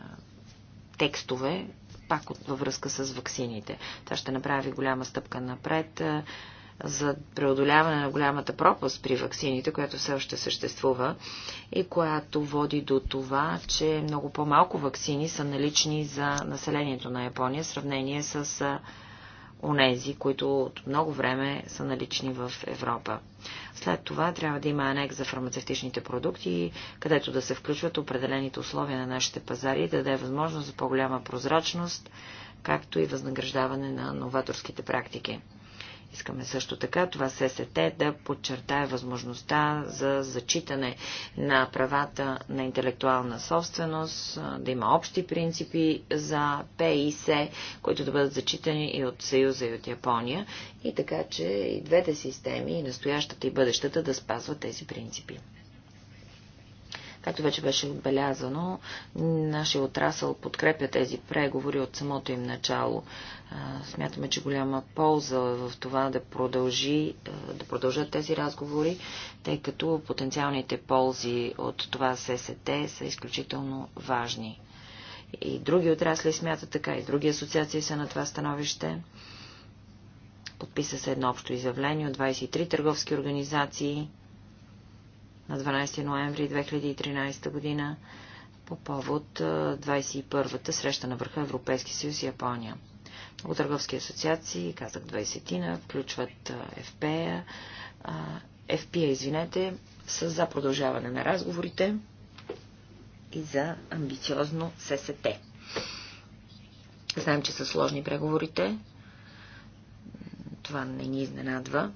текстове, пак във връзка с ваксините. Това ще направи голяма стъпка напред. А, за преодоляване на голямата пропаст при ваксините, която все още съществува и която води до това, че много по-малко ваксини са налични за населението на Япония в сравнение с онези, които от много време са налични в Европа. След това трябва да има анекс за фармацевтичните продукти, където да се включват определените условия на нашите пазари и да даде възможност за по-голяма прозрачност, както и възнаграждаване на новаторските практики. Искаме също така това ССТ да подчертае възможността за зачитане на правата на интелектуална собственост, да има общи принципи за П и С, които да бъдат зачитани и от Съюза и от Япония, и така че и двете системи, и настоящата и бъдещата, да спазват тези принципи. Както вече беше отбелязано, нашия отрасъл подкрепя тези преговори от самото им начало. Смятаме, че голяма полза е в това да, продължи, да продължат тези разговори, тъй като потенциалните ползи от това ССТ са изключително важни. И други отрасли смятат така, и други асоциации са на това становище. Подписа се едно общо изявление от 23 търговски организации на 12 ноември 2013 година по повод 21-та среща на върха Европейски съюз и Япония. Много търговски асоциации, казах 20-тина, включват FPA, FPA, извинете, с за продължаване на разговорите и за амбициозно ССТ. Знаем, че са сложни преговорите. Това не ни изненадва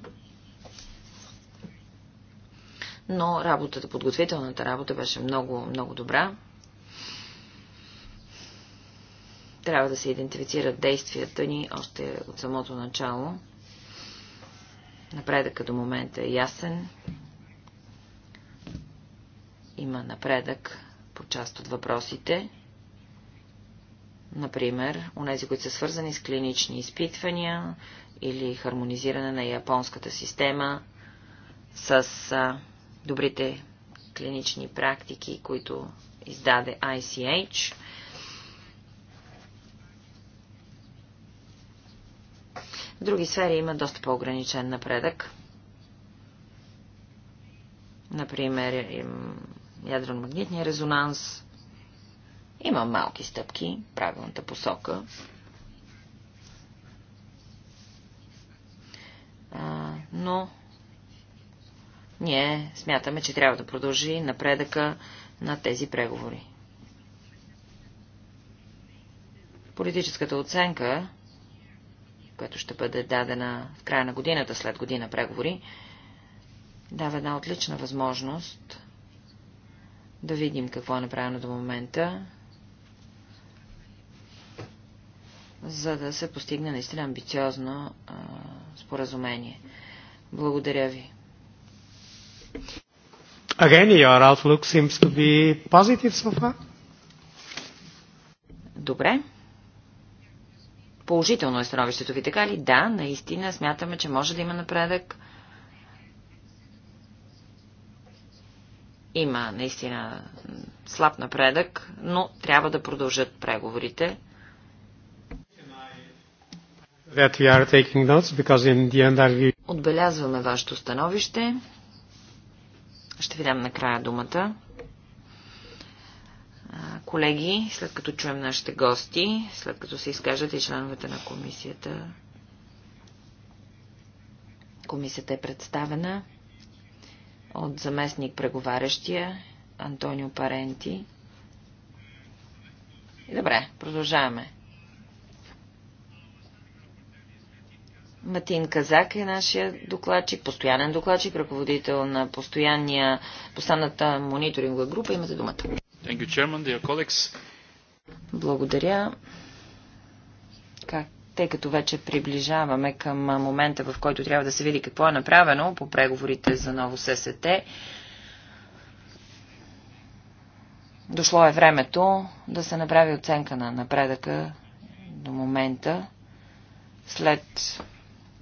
но работата, подготвителната работа беше много, много добра. Трябва да се идентифицират действията ни още от самото начало. Напредъкът до момента е ясен. Има напредък по част от въпросите. Например, нези, които са свързани с клинични изпитвания или хармонизиране на японската система с добрите клинични практики, които издаде ICH. В други сфери има доста по-ограничен напредък. Например, ядрено-магнитния резонанс. Има малки стъпки, правилната посока. но ние смятаме, че трябва да продължи напредъка на тези преговори. Политическата оценка, която ще бъде дадена в края на годината, след година преговори, дава една отлична възможност да видим какво е направено до момента, за да се постигне наистина амбициозно а, споразумение. Благодаря ви. Again, your outlook seems to be positive so far. Добре. Положително е становището ви, така ли? Да, наистина смятаме, че може да има напредък. Има наистина слаб напредък, но трябва да продължат преговорите. Notes, are... Отбелязваме вашето становище. Ще ви дам накрая думата. Колеги, след като чуем нашите гости, след като се изкажат и членовете на комисията, комисията е представена от заместник преговарящия Антонио Паренти. И добре, продължаваме. Матин Казак е нашия докладчик, постоянен докладчик, ръководител на постоянния, постаната мониторингова група. Имате думата. You, chairman, Благодаря. Как? Тъй като вече приближаваме към момента, в който трябва да се види какво е направено по преговорите за ново ССТ, дошло е времето да се направи оценка на напредъка до момента след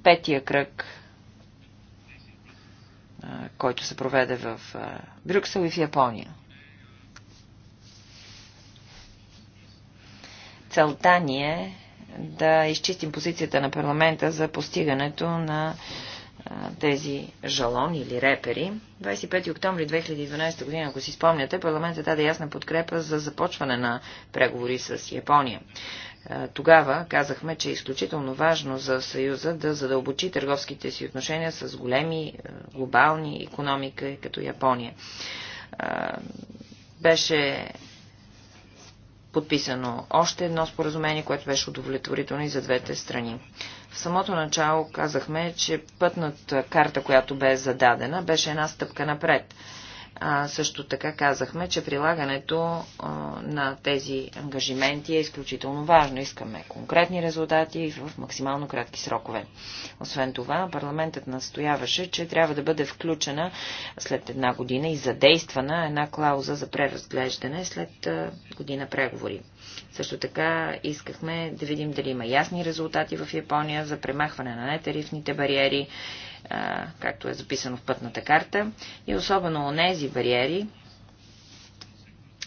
петия кръг, който се проведе в Брюксел и в Япония. Целта ни е да изчистим позицията на парламента за постигането на тези жалони или репери. 25 октомври 2012 година, ако си спомняте, парламентът даде ясна подкрепа за започване на преговори с Япония. Тогава казахме, че е изключително важно за Съюза да задълбочи търговските си отношения с големи глобални економики, като Япония. Беше подписано още едно споразумение, което беше удовлетворително и за двете страни. В самото начало казахме, че пътната карта, която бе зададена, беше една стъпка напред – а, също така казахме, че прилагането а, на тези ангажименти е изключително важно. Искаме конкретни резултати в максимално кратки срокове. Освен това, парламентът настояваше, че трябва да бъде включена след една година и задействана една клауза за преразглеждане след а, година преговори. Също така искахме да видим дали има ясни резултати в Япония за премахване на нетарифните бариери както е записано в пътната карта, и особено нези бариери,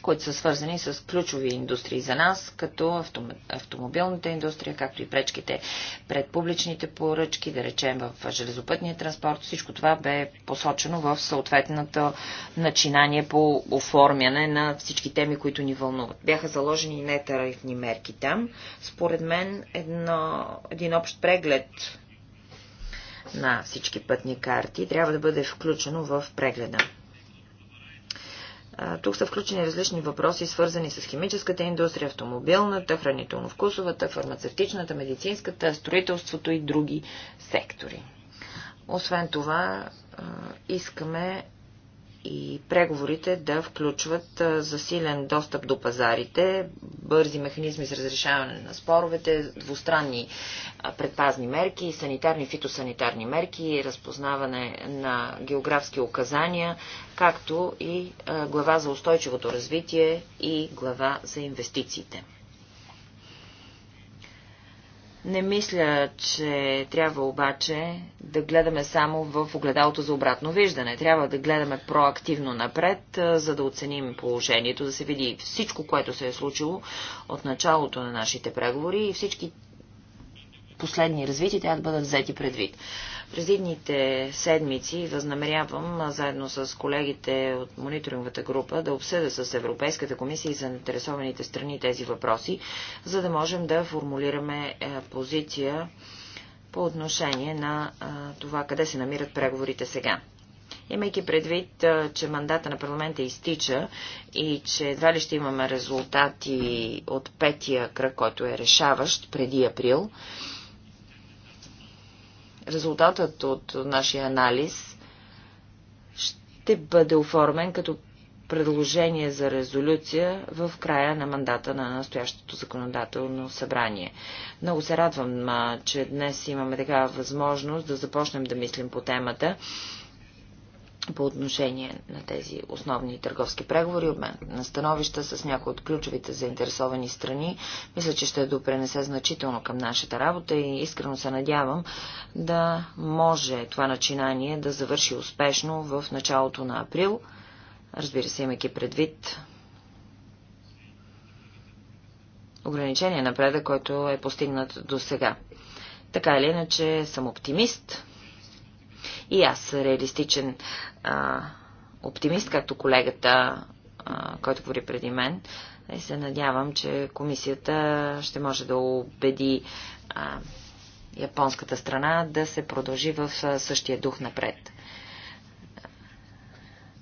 които са свързани с ключови индустрии за нас, като автомобилната индустрия, както и пречките пред публичните поръчки, да речем в железопътния транспорт. Всичко това бе посочено в съответното начинание по оформяне на всички теми, които ни вълнуват. Бяха заложени нетарифни мерки там. Според мен едно, един общ преглед на всички пътни карти трябва да бъде включено в прегледа. Тук са включени различни въпроси, свързани с химическата индустрия, автомобилната, хранително-вкусовата, фармацевтичната, медицинската, строителството и други сектори. Освен това, искаме и преговорите да включват засилен достъп до пазарите, бързи механизми за разрешаване на споровете, двустранни предпазни мерки, санитарни и фитосанитарни мерки, разпознаване на географски указания, както и глава за устойчивото развитие и глава за инвестициите. Не мисля, че трябва обаче да гледаме само в огледалото за обратно виждане. Трябва да гледаме проактивно напред, за да оценим положението, да се види всичко, което се е случило от началото на нашите преговори и всички последни развития трябва да бъдат взети предвид. През едните седмици възнамерявам, заедно с колегите от мониторинговата група, да обсъда с Европейската комисия и заинтересованите страни тези въпроси, за да можем да формулираме е, позиция по отношение на това къде се намират преговорите сега. Имайки предвид, че мандата на парламента изтича и че едва ли ще имаме резултати от петия кръг, който е решаващ преди април, резултатът от нашия анализ ще бъде оформен като предложение за резолюция в края на мандата на настоящото законодателно събрание. Много се радвам, че днес имаме такава възможност да започнем да мислим по темата по отношение на тези основни търговски преговори, обмен на становища с някои от ключовите заинтересовани страни, мисля, че ще допренесе значително към нашата работа и искрено се надявам да може това начинание да завърши успешно в началото на април, разбира се, имайки предвид ограничение напредък, който е постигнат до сега. Така или иначе съм оптимист и аз реалистичен а, оптимист, както колегата, а, който говори преди мен. И се надявам, че комисията ще може да убеди а, японската страна да се продължи в същия дух напред.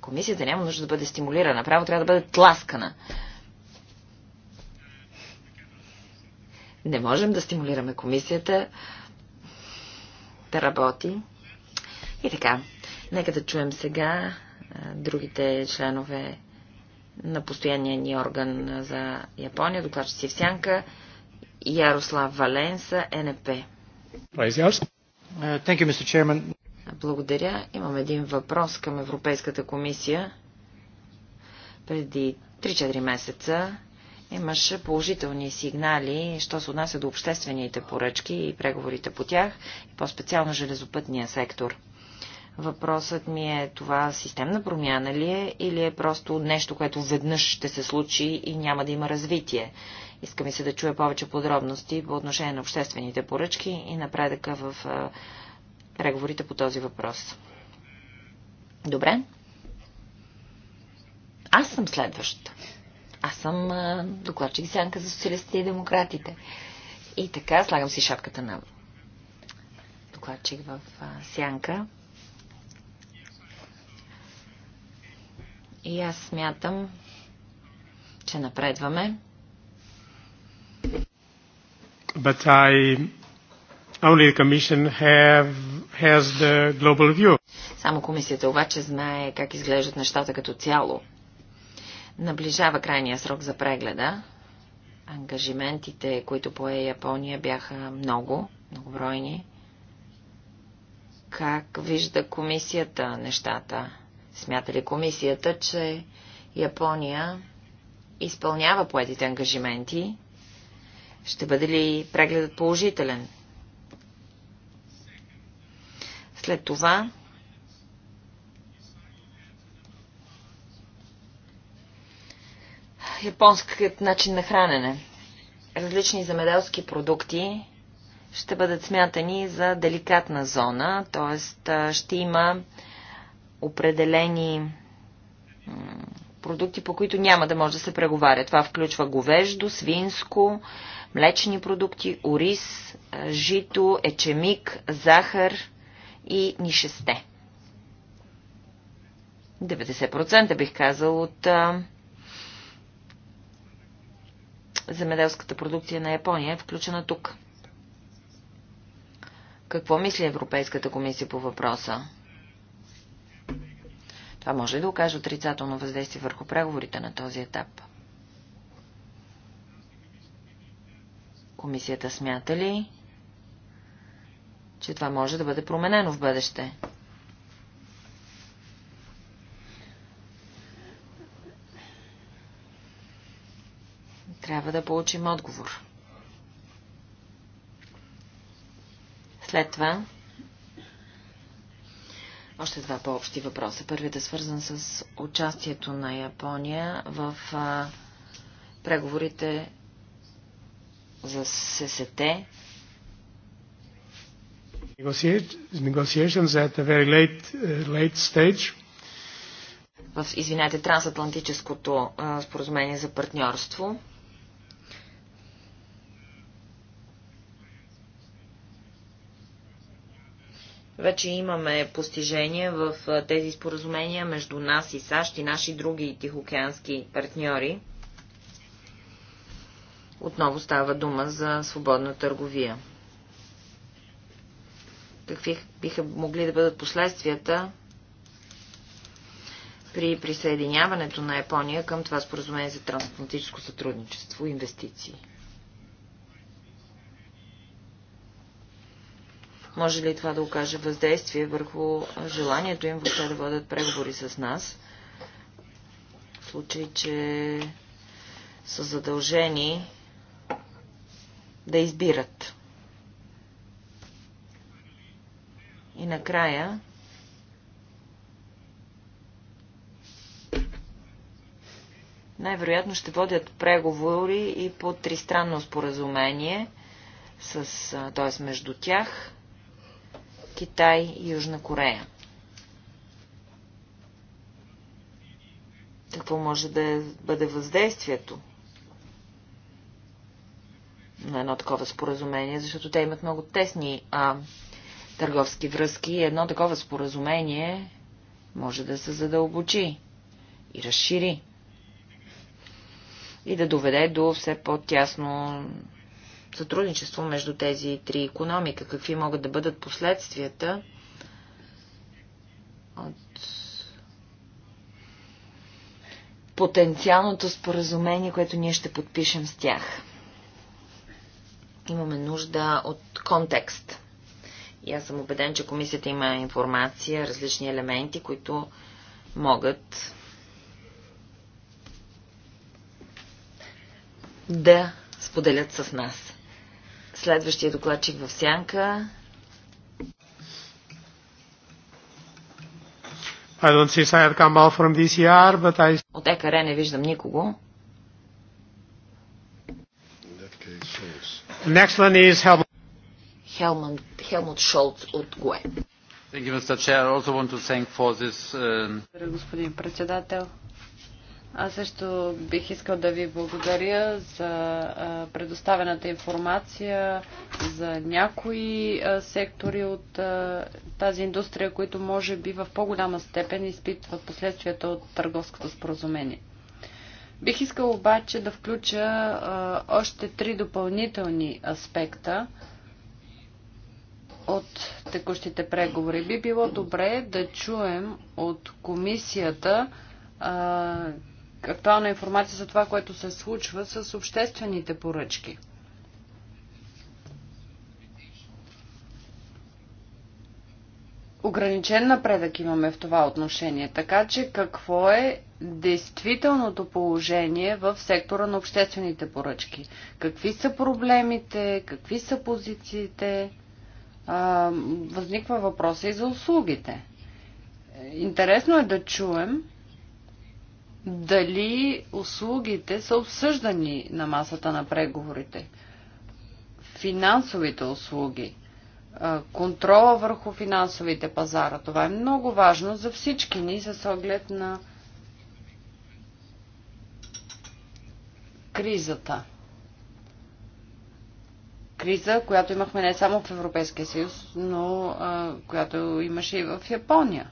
Комисията няма нужда да бъде стимулирана, направо трябва да бъде тласкана. Не можем да стимулираме комисията да работи и така, нека да чуем сега другите членове на постоянния ни орган за Япония, докладчици в Ярослав Валенса, НП. Uh, Благодаря. Имам един въпрос към Европейската комисия. Преди 3-4 месеца имаше положителни сигнали, що се отнася до обществените поръчки и преговорите по тях, и по-специално железопътния сектор. Въпросът ми е това системна промяна ли е или е просто нещо, което веднъж ще се случи и няма да има развитие. Искам и се да чуя повече подробности по отношение на обществените поръчки и напредъка в преговорите по този въпрос. Добре? Аз съм следващата. Аз съм докладчик сянка за социалистите и демократите. И така, слагам си шапката на докладчик в сянка. И аз смятам, че напредваме. But I only the commission have, has the global view. Само комисията обаче знае как изглеждат нещата като цяло. Наближава крайния срок за прегледа. Ангажиментите, които пое Япония, бяха много, многобройни. Как вижда комисията нещата? Смята ли комисията, че Япония изпълнява поетите ангажименти? Ще бъде ли прегледът положителен? След това японският начин на хранене. Различни земеделски продукти ще бъдат смятани за деликатна зона, т.е. ще има определени продукти, по които няма да може да се преговаря. Това включва говеждо, свинско, млечни продукти, ориз, жито, ечемик, захар и нишесте. 90% бих казал от а, земеделската продукция на Япония е включена тук. Какво мисли Европейската комисия по въпроса? Това може ли да окаже отрицателно въздействие върху преговорите на този етап? Комисията смята ли, че това може да бъде променено в бъдеще? Трябва да получим отговор. След това още два по-общи въпроса. Първият е свързан с участието на Япония в а, преговорите за ССТ. Negotiations at a very late, uh, late stage в, извинете, трансатлантическото а, споразумение за партньорство. Вече имаме постижения в тези споразумения между нас и САЩ и наши други тихоокеански партньори. Отново става дума за свободна търговия. Какви биха могли да бъдат последствията при присъединяването на Япония към това споразумение за трансатлантическо сътрудничество и инвестиции? Може ли това да окаже въздействие върху желанието им въобще да водят преговори с нас? В случай, че са задължени да избират. И накрая най-вероятно ще водят преговори и по тристранно споразумение, т.е. между тях Китай и Южна Корея. Какво може да бъде въздействието на едно такова споразумение, защото те имат много тесни а, търговски връзки и едно такова споразумение може да се задълбочи и разшири и да доведе до все по-тясно сътрудничество между тези три економика, какви могат да бъдат последствията от потенциалното споразумение, което ние ще подпишем с тях. Имаме нужда от контекст. И аз съм убеден, че комисията има информация, различни елементи, които могат да споделят с нас. Следващия докладчик в сянка. I don't see Syed Kamal from DCR, but I... От ЕКР не виждам никого. Next one is Helmut. Helmut, Helmut Scholz от ГУЕ. Thank you, Mr. Chair. I also want to thank for this... Uh... Господин председател, аз също бих искал да ви благодаря за предоставената информация за някои сектори от тази индустрия, които може би в по-голяма степен изпитват последствията от търговското споразумение. Бих искал обаче да включа още три допълнителни аспекта от текущите преговори. Би било добре да чуем от комисията актуална информация за това, което се случва с обществените поръчки. Ограничен напредък имаме в това отношение, така че какво е действителното положение в сектора на обществените поръчки? Какви са проблемите, какви са позициите? А, възниква въпроса и за услугите. Интересно е да чуем дали услугите са обсъждани на масата на преговорите. Финансовите услуги, контрола върху финансовите пазара, това е много важно за всички ни с оглед на кризата. Криза, която имахме не само в Европейския съюз, но а, която имаше и в Япония.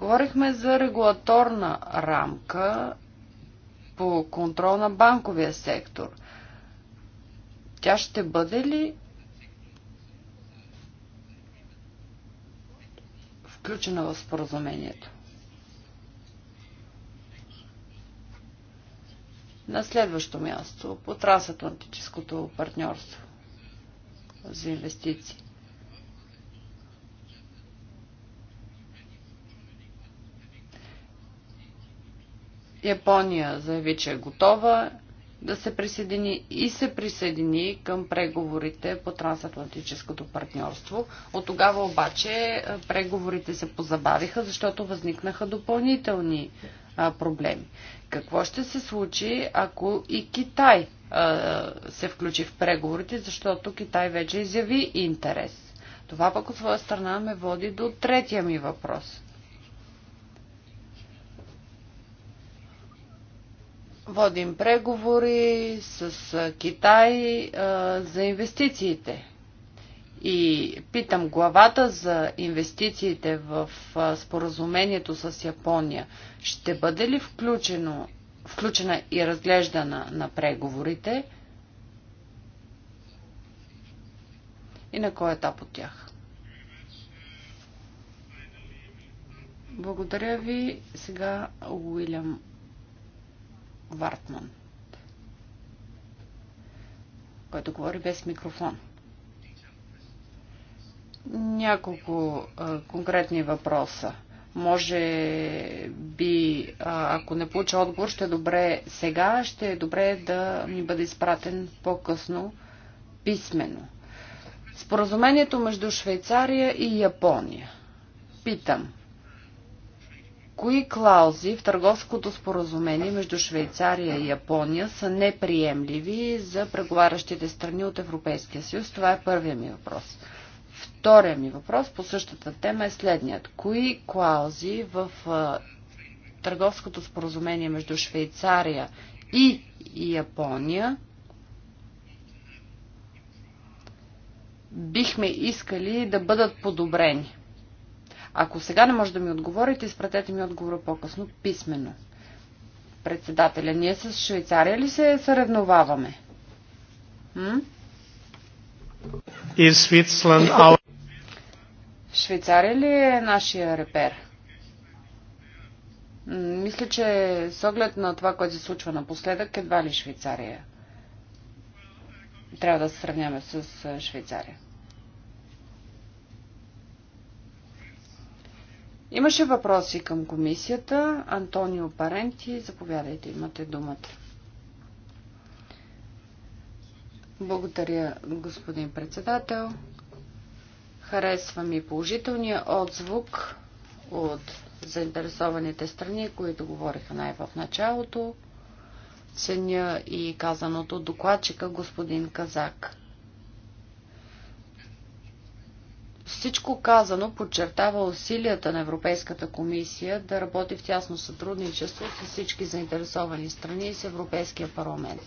Говорихме за регулаторна рамка по контрол на банковия сектор. Тя ще бъде ли включена в споразумението? На следващо място по трансатлантическото партньорство за инвестиции. Япония заяви, че е готова да се присъедини и се присъедини към преговорите по трансатлантическото партньорство. От тогава обаче е, преговорите се позабавиха, защото възникнаха допълнителни а, е, проблеми. Какво ще се случи, ако и Китай а, е, се включи в преговорите, защото Китай вече изяви интерес? Това пък от своя страна ме води до третия ми въпрос. Водим преговори с Китай за инвестициите. И питам главата за инвестициите в споразумението с Япония. Ще бъде ли включено, включена и разглеждана на преговорите? И на кой етап от тях? Благодаря ви. Сега Уилям Вартман, който говори без микрофон. Няколко а, конкретни въпроса. Може би, а, ако не получа отговор, ще е добре сега, ще е добре да ни бъде изпратен по-късно писменно. Споразумението между Швейцария и Япония. Питам, кои клаузи в търговското споразумение между Швейцария и Япония са неприемливи за преговарящите страни от Европейския съюз? Това е първият ми въпрос. Втория ми въпрос по същата тема е следният. Кои клаузи в а, търговското споразумение между Швейцария и Япония бихме искали да бъдат подобрени? Ако сега не може да ми отговорите, изпратете ми отговора по-късно писменно. Председателя, ние с Швейцария ли се съревноваваме? Швейцария ли е нашия репер? Мисля, че с оглед на това, което се случва напоследък, едва ли Швейцария. Трябва да се сравняме с Швейцария. Имаше въпроси към комисията. Антонио Паренти, заповядайте, имате думата. Благодаря, господин председател. Харесва ми положителния отзвук от заинтересованите страни, които говориха най в началото. Ценя и казаното докладчика господин Казак. Всичко казано подчертава усилията на Европейската комисия да работи в тясно сътрудничество с всички заинтересовани страни и с Европейския парламент.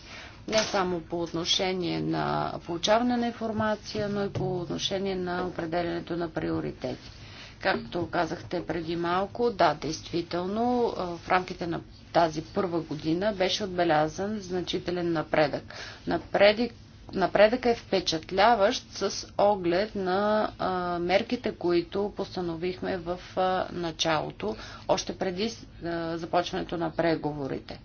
Не само по отношение на получаване на информация, но и по отношение на определенето на приоритети. Както казахте преди малко, да, действително, в рамките на тази първа година беше отбелязан значителен напредък. Напредък напредък е впечатляващ с оглед на а, мерките, които постановихме в а, началото, още преди а, започването на преговорите.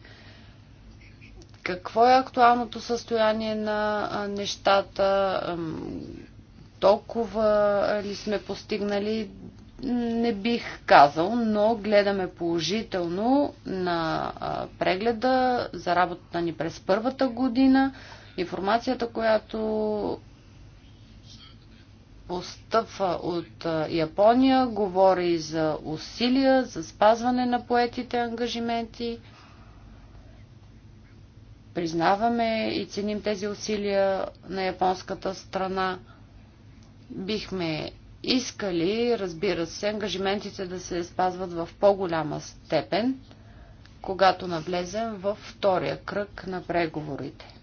Какво е актуалното състояние на а, нещата? А, толкова ли сме постигнали? Не бих казал, но гледаме положително на прегледа за работата ни през първата година. Информацията, която постъпва от Япония, говори за усилия, за спазване на поетите ангажименти. Признаваме и ценим тези усилия на японската страна. Бихме искали, разбира се, ангажиментите да се спазват в по-голяма степен, когато навлезем във втория кръг на преговорите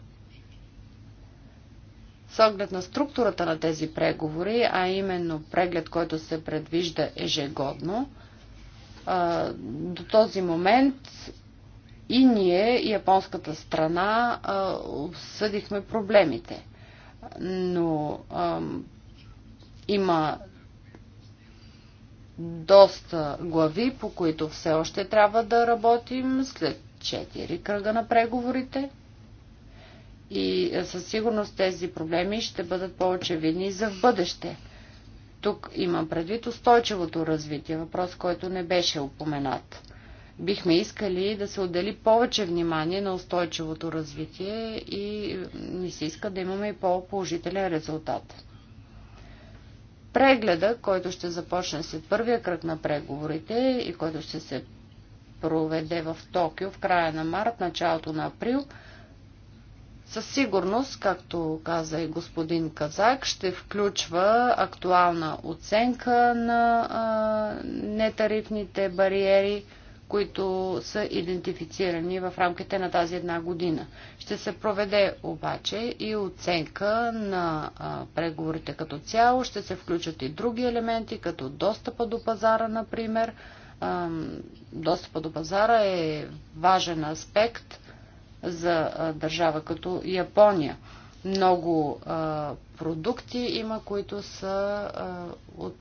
с оглед на структурата на тези преговори, а именно преглед, който се предвижда ежегодно, до този момент и ние, и японската страна обсъдихме проблемите. Но има доста глави, по които все още трябва да работим след 4 кръга на преговорите и е, със сигурност тези проблеми ще бъдат по-очевидни за в бъдеще. Тук имам предвид устойчивото развитие, въпрос, който не беше упоменат. Бихме искали да се отдели повече внимание на устойчивото развитие и е, ни се иска да имаме и по-положителен резултат. Прегледа, който ще започне след първия кръг на преговорите и който ще се проведе в Токио в края на март, началото на април – със сигурност, както каза и господин Казак, ще включва актуална оценка на а, нетарифните бариери, които са идентифицирани в рамките на тази една година. Ще се проведе обаче и оценка на а, преговорите като цяло. Ще се включат и други елементи, като достъпа до пазара, например. А, достъпа до пазара е важен аспект – за държава като Япония. Много а, продукти има, които са а, от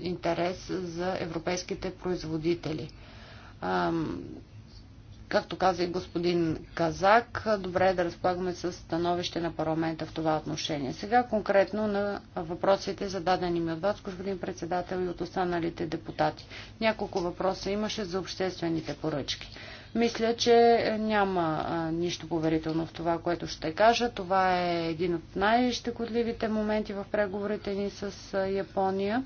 интерес за европейските производители. А, както каза и господин Казак, добре е да разполагаме с становище на парламента в това отношение. Сега конкретно на въпросите зададени ми от вас, господин председател и от останалите депутати. Няколко въпроса имаше за обществените поръчки. Мисля, че няма нищо поверително в това, което ще кажа. Това е един от най-щекотливите моменти в преговорите ни с Япония.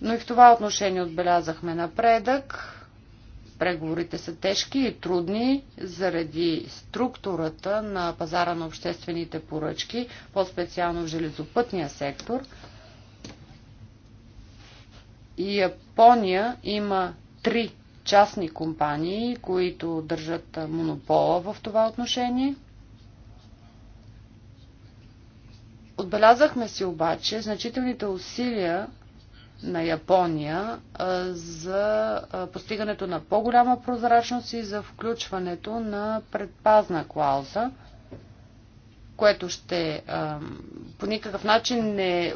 Но и в това отношение отбелязахме напредък. Преговорите са тежки и трудни заради структурата на пазара на обществените поръчки, по-специално в железопътния сектор. И Япония има три частни компании, които държат монопола в това отношение. Отбелязахме си обаче значителните усилия на Япония за постигането на по-голяма прозрачност и за включването на предпазна клауза, което ще по никакъв начин не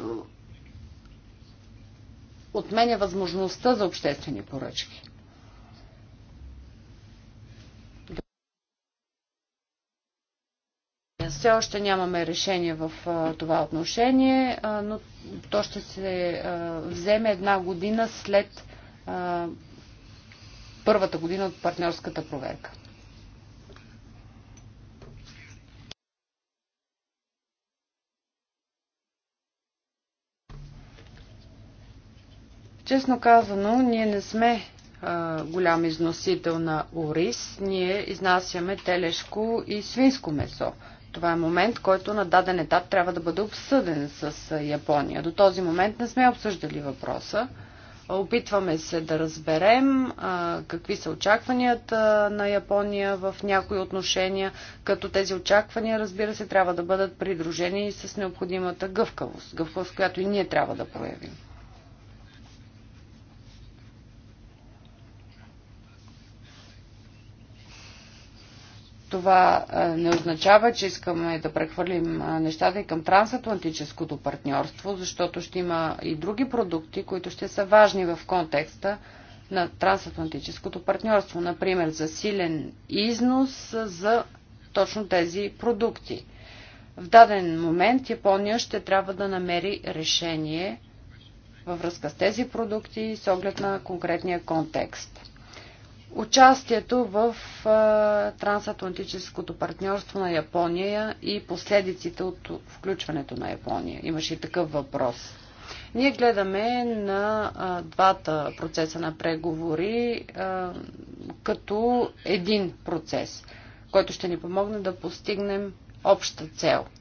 отменя възможността за обществени поръчки. Все още нямаме решение в това отношение, но то ще се вземе една година след първата година от партньорската проверка. Честно казано, ние не сме а, голям износител на ориз. Ние изнасяме телешко и свинско месо. Това е момент, който на даден етап трябва да бъде обсъден с Япония. До този момент не сме обсъждали въпроса. Опитваме се да разберем а, какви са очакванията на Япония в някои отношения, като тези очаквания, разбира се, трябва да бъдат придружени с необходимата гъвкавост, гъвкавост, която и ние трябва да проявим. Това не означава, че искаме да прехвърлим нещата и към трансатлантическото партньорство, защото ще има и други продукти, които ще са важни в контекста на трансатлантическото партньорство. Например, за силен износ за точно тези продукти. В даден момент Япония ще трябва да намери решение във връзка с тези продукти с оглед на конкретния контекст. Участието в трансатлантическото партньорство на Япония и последиците от включването на Япония. Имаше и такъв въпрос. Ние гледаме на а, двата процеса на преговори а, като един процес, който ще ни помогне да постигнем обща цел –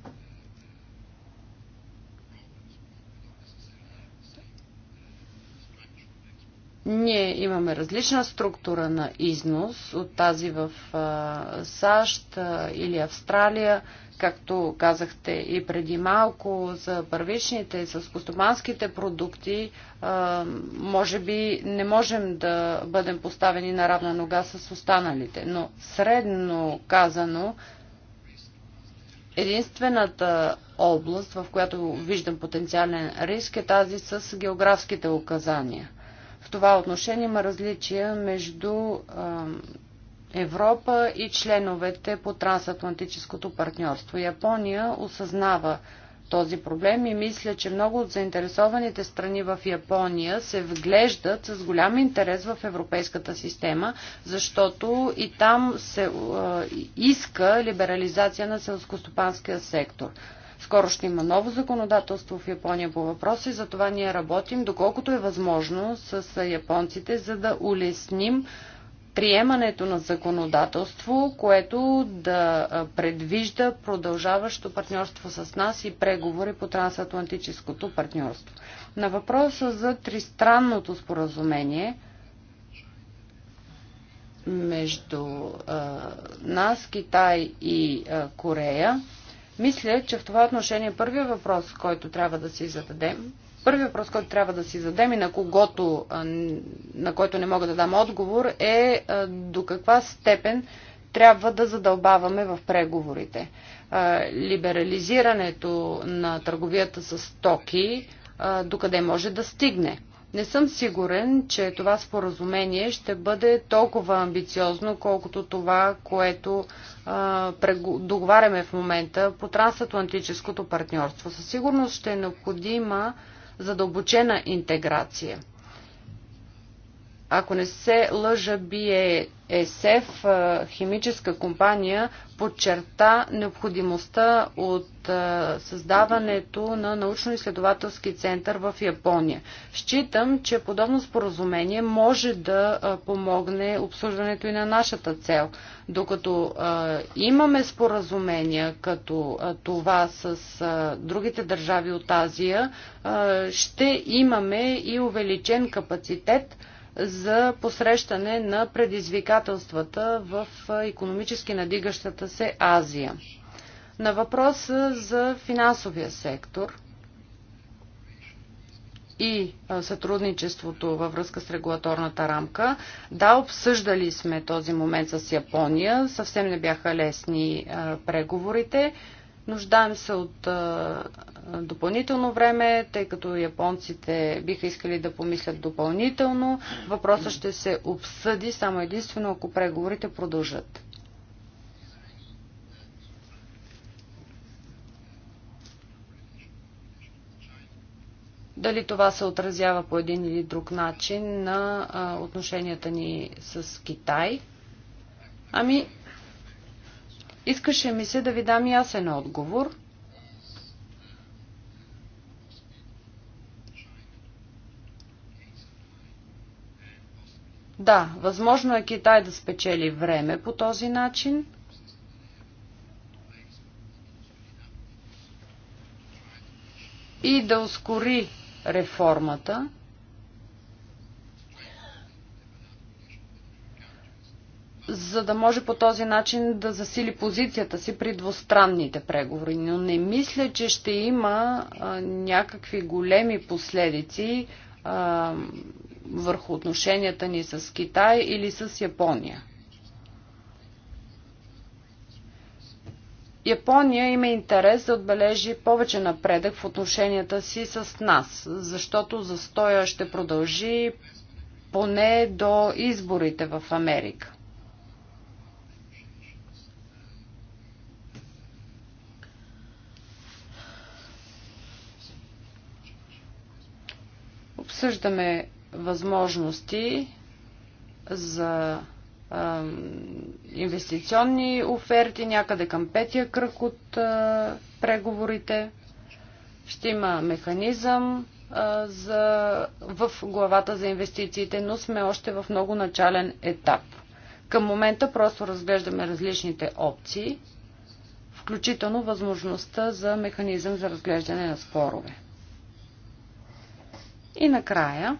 Ние имаме различна структура на износ от тази в САЩ или Австралия, както казахте и преди малко за първичните, с костоманските продукти, може би не можем да бъдем поставени на равна нога с останалите, но средно казано, единствената област, в която виждам потенциален риск е тази с географските указания. В това отношение има различия между Европа и членовете по трансатлантическото партньорство. Япония осъзнава този проблем и мисля, че много от заинтересованите страни в Япония се вглеждат с голям интерес в европейската система, защото и там се иска либерализация на селскостопанския сектор. Скоро ще има ново законодателство в Япония по въпроса и за това ние работим, доколкото е възможно с японците, за да улесним приемането на законодателство, което да предвижда продължаващо партньорство с нас и преговори по трансатлантическото партньорство. На въпроса за тристранното споразумение между нас, Китай и Корея, мисля, че в това отношение първият въпрос, който трябва да си зададем, първият въпрос, който трябва да си зададем и на когото, на който не мога да дам отговор, е до каква степен трябва да задълбаваме в преговорите. Либерализирането на търговията с токи докъде може да стигне. Не съм сигурен, че това споразумение ще бъде толкова амбициозно, колкото това, което а, договаряме в момента по трансатлантическото партньорство. Със сигурност ще е необходима задълбочена интеграция ако не се лъжа, БИЕСФ, химическа компания, подчерта необходимостта от създаването на научно-изследователски център в Япония. Считам, че подобно споразумение може да помогне обсъждането и на нашата цел. Докато имаме споразумения като това с другите държави от Азия, ще имаме и увеличен капацитет – за посрещане на предизвикателствата в економически надигащата се Азия. На въпроса за финансовия сектор и сътрудничеството във връзка с регулаторната рамка. Да, обсъждали сме този момент с Япония. Съвсем не бяха лесни преговорите. Нуждаем се от допълнително време, тъй като японците биха искали да помислят допълнително. Въпросът ще се обсъди само единствено, ако преговорите продължат. Дали това се отразява по един или друг начин на отношенията ни с Китай? Ами, Искаше ми се да ви дам ясен отговор. Да, възможно е Китай да спечели време по този начин. И да ускори реформата. за да може по този начин да засили позицията си при двустранните преговори. Но не мисля, че ще има а, някакви големи последици а, върху отношенията ни с Китай или с Япония. Япония има интерес да отбележи повече напредък в отношенията си с нас, защото застоя ще продължи поне до изборите в Америка. Обсъждаме възможности за инвестиционни оферти някъде към петия кръг от преговорите. Ще има механизъм за, в главата за инвестициите, но сме още в много начален етап. Към момента просто разглеждаме различните опции, включително възможността за механизъм за разглеждане на спорове. И накрая,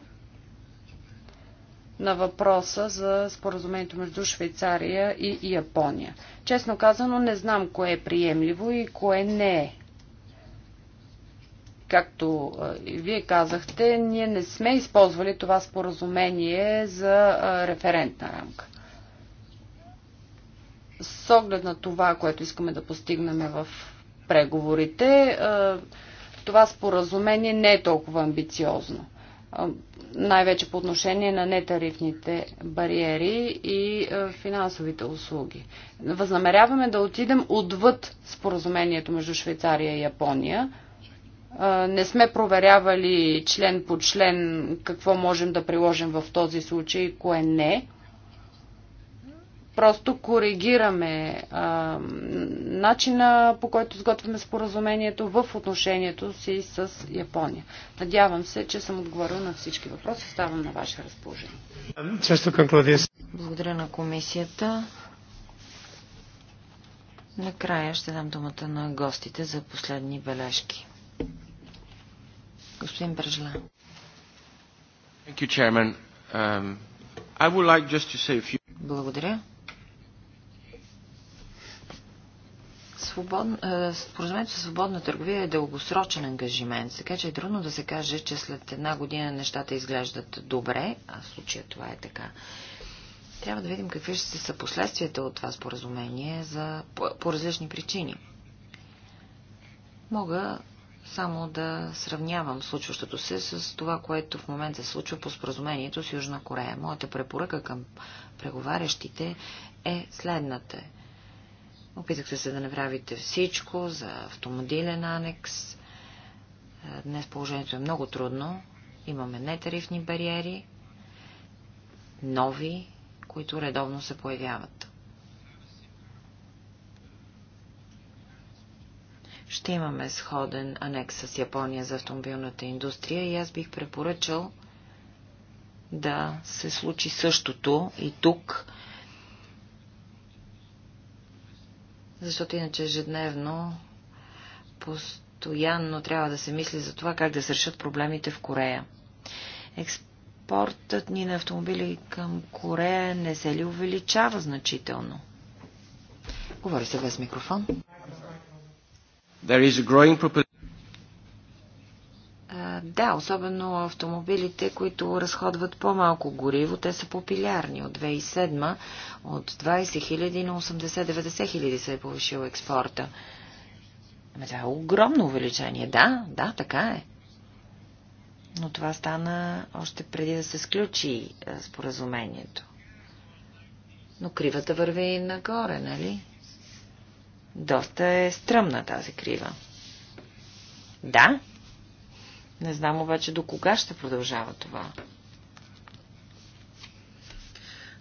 на въпроса за споразумението между Швейцария и Япония. Честно казано, не знам кое е приемливо и кое не е. Както и вие казахте, ние не сме използвали това споразумение за референтна рамка. С оглед на това, което искаме да постигнем в преговорите, това споразумение не е толкова амбициозно. Най-вече по отношение на нетарифните бариери и финансовите услуги. Възнамеряваме да отидем отвъд споразумението между Швейцария и Япония. Не сме проверявали член по член какво можем да приложим в този случай и кое не. Просто коригираме а, начина по който сготвяме споразумението в отношението си с Япония. Надявам се, че съм отговорил на всички въпроси. Ставам на ваше разположение. Благодаря на комисията. Накрая ще дам думата на гостите за последни бележки. Господин Бържла. Um, Благодаря. Свобод... Е, споразумението за свободна търговия е дългосрочен ангажимент, така че е трудно да се каже, че след една година нещата изглеждат добре, а в случая това е така. Трябва да видим какви ще са последствията от това споразумение за... по, по различни причини. Мога само да сравнявам случващото се с това, което в момента се случва по споразумението с Южна Корея. Моята препоръка към преговарящите е следната. Опитахте се да направите всичко за автомобилен анекс. Е, днес положението е много трудно. Имаме нетарифни бариери, нови, които редовно се появяват. Ще имаме сходен анекс с Япония за автомобилната индустрия и аз бих препоръчал да се случи същото и тук защото иначе ежедневно постоянно трябва да се мисли за това как да се решат проблемите в Корея. Експортът ни на автомобили към Корея не се ли увеличава значително? Говори се без микрофон. There is a growing да, особено автомобилите, които разходват по-малко гориво, те са популярни. От 2007 от 20 000 на 80-90 хиляди се е повишил експорта. Ама това е огромно увеличение. Да, да, така е. Но това стана още преди да се сключи е, споразумението. Но кривата върви нагоре, нали? Доста е стръмна тази крива. Да, не знам обаче до кога ще продължава това.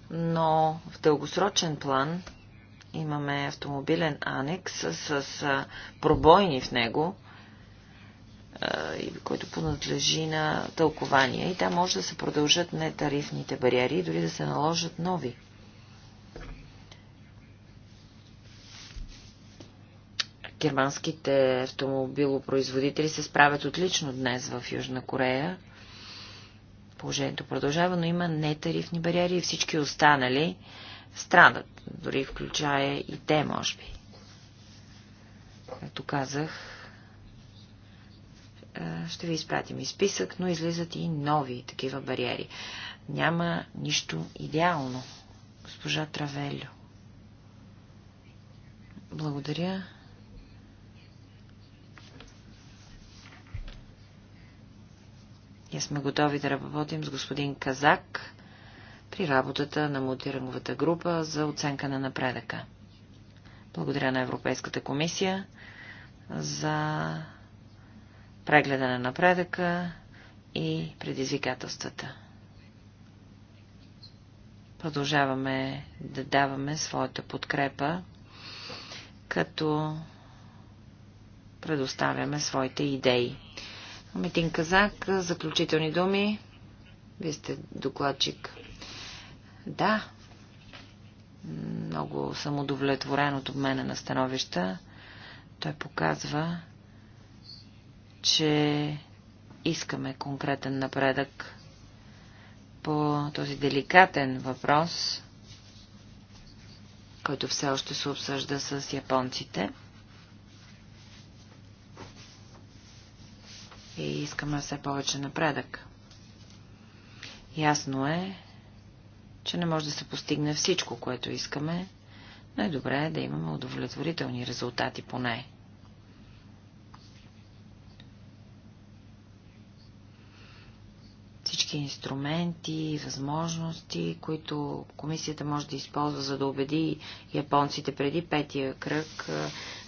Но в дългосрочен план имаме автомобилен анекс с, с пробойни в него, който понадлежи на тълкования. И там може да се продължат нетарифните бариери, дори да се наложат нови. Германските автомобилопроизводители се справят отлично днес в Южна Корея. Положението продължава, но има нетарифни бариери и всички останали страдат, дори включая и те, може би. Както казах, ще ви изпратим и списък, но излизат и нови такива бариери. Няма нищо идеално. Госпожа Травелю. Благодаря. Ние сме готови да работим с господин Казак при работата на мултиранговата група за оценка на напредъка. Благодаря на Европейската комисия за прегледа на напредъка и предизвикателствата. Продължаваме да даваме своята подкрепа, като предоставяме своите идеи. Митин Казак, заключителни думи. Вие сте докладчик. Да, много съм удовлетворен от обмена на становища. Той показва, че искаме конкретен напредък по този деликатен въпрос, който все още се обсъжда с японците. и искаме все повече напредък. Ясно е, че не може да се постигне всичко, което искаме, но е добре да имаме удовлетворителни резултати поне. Всички инструменти, възможности, които комисията може да използва, за да убеди японците преди петия кръг,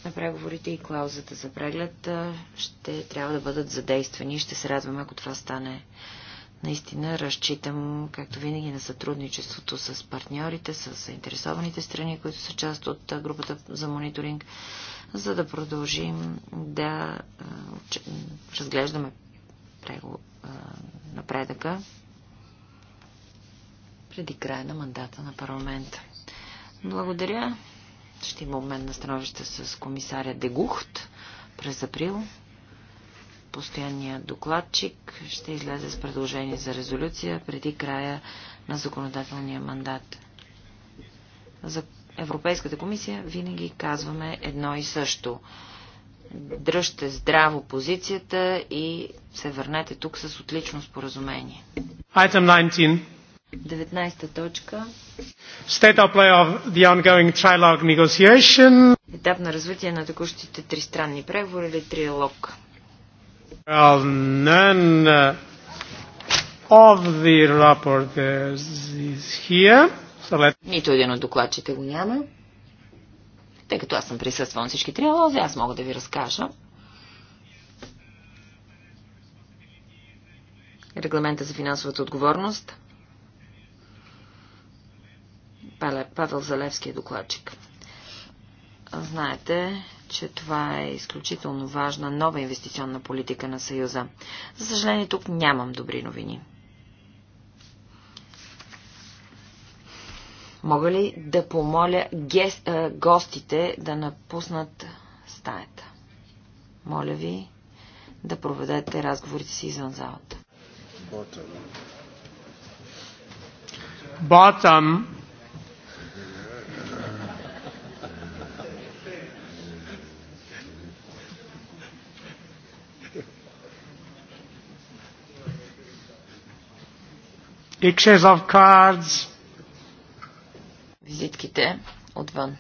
на преговорите и клаузата за преглед ще трябва да бъдат задействани. Ще се радваме, ако това стане. Наистина разчитам, както винаги, на сътрудничеството с партньорите, с заинтересованите страни, които са част от групата за мониторинг, за да продължим да разглеждаме напредъка преди края на мандата на парламента. Благодаря. Ще има обмен на становище с комисаря Дегухт през април. Постоянният докладчик ще излезе с предложение за резолюция преди края на законодателния мандат. За Европейската комисия винаги казваме едно и също. Дръжте здраво позицията и се върнете тук с отлично споразумение. Item 19 точка. Етап на развитие на текущите тристранни преговори или триалог. Uh, Нито един от докладчите го няма. Тъй като аз съм присъствал на всички триалози, аз мога да ви разкажа. Регламента за финансовата отговорност – Павел Залевски е докладчик. Знаете, че това е изключително важна нова инвестиционна политика на Съюза. За съжаление, тук нямам добри новини. Мога ли да помоля гест, а, гостите да напуснат стаята? Моля ви да проведете разговорите си извън залата. Bottom Pictures of cards. Визитките отвън.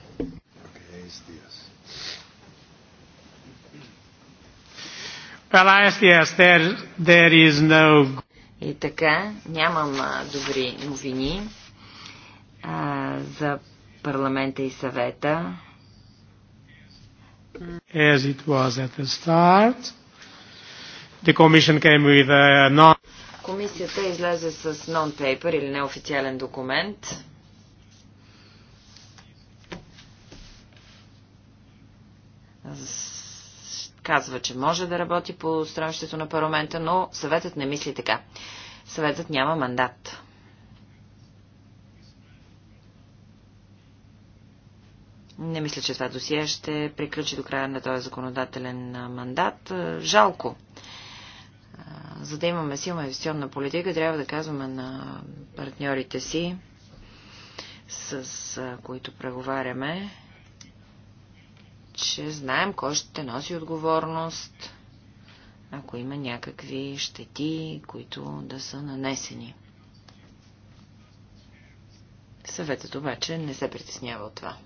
Well, yes, there, there is no... И така, нямам добри новини а, за парламента и съвета. As it was at the start, the commission came with a non... Комисията излезе с нон-пейпер или неофициален документ. Казва, че може да работи по странщето на парламента, но съветът не мисли така. Съветът няма мандат. Не мисля, че това досие ще приключи до края на този законодателен мандат. Жалко за да имаме силна инвестиционна политика, трябва да казваме на партньорите си, с които преговаряме, че знаем кой ще носи отговорност, ако има някакви щети, които да са нанесени. Съветът обаче не се притеснява от това.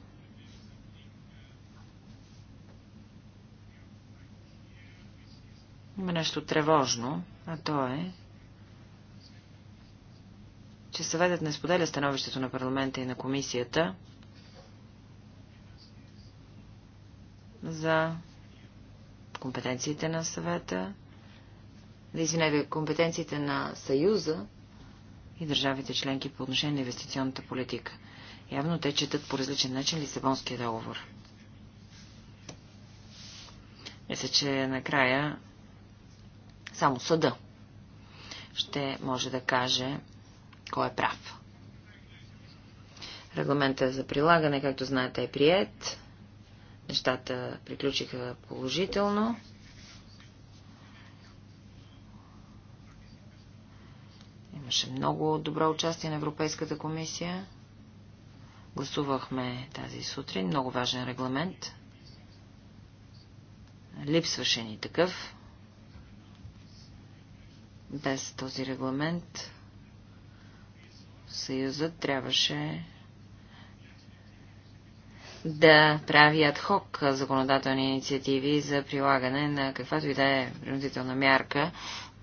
Има нещо тревожно а то е, че съветът не споделя становището на парламента и на комисията за компетенциите на съвета, да извинете, компетенциите на Съюза и държавите членки по отношение на инвестиционната политика. Явно те четат по различен начин Лисабонския договор. Мисля, че накрая само съда ще може да каже кой е прав. Регламентът за прилагане, както знаете, е прият. Нещата приключиха положително. Имаше много добро участие на Европейската комисия. Гласувахме тази сутрин много важен регламент. Липсваше ни такъв. Без този регламент Съюзът трябваше да прави адхок законодателни инициативи за прилагане на каквато и да е принудителна мярка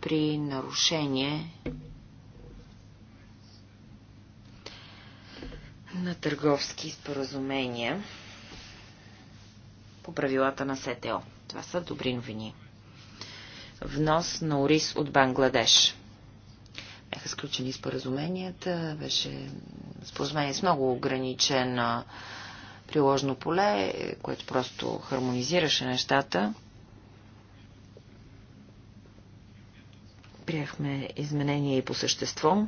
при нарушение на търговски споразумения по правилата на СТО. Това са добри новини внос на ориз от Бангладеш. Бяха сключени споразуменията, беше споразумение с много ограничено приложно поле, което просто хармонизираше нещата. Приехме изменения и по същество.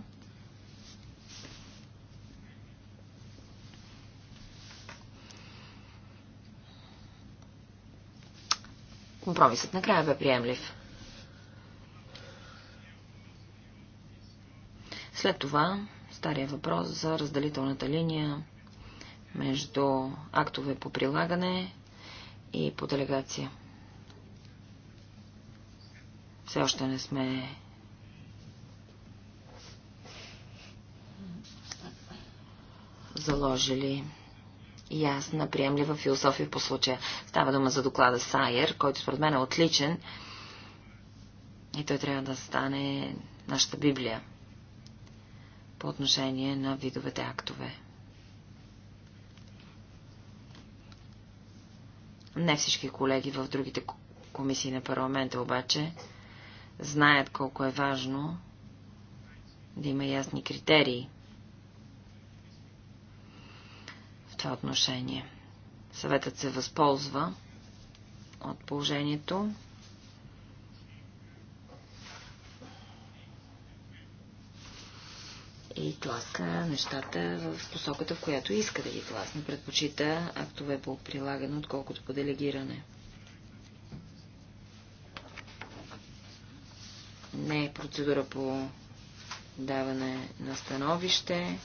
Компромисът накрая бе приемлив. След това стария въпрос за разделителната линия между актове по прилагане и по делегация. Все още не сме заложили ясна, приемлива философия по случая. Става дума за доклада Сайер, който според мен е отличен и той трябва да стане нашата Библия по отношение на видовете актове. Не всички колеги в другите комисии на парламента обаче знаят колко е важно да има ясни критерии в това отношение. Съветът се възползва от положението и тласка нещата в посоката, в която иска да ги тласне. Предпочита актове по прилагане, отколкото по делегиране. Не е процедура по даване на становище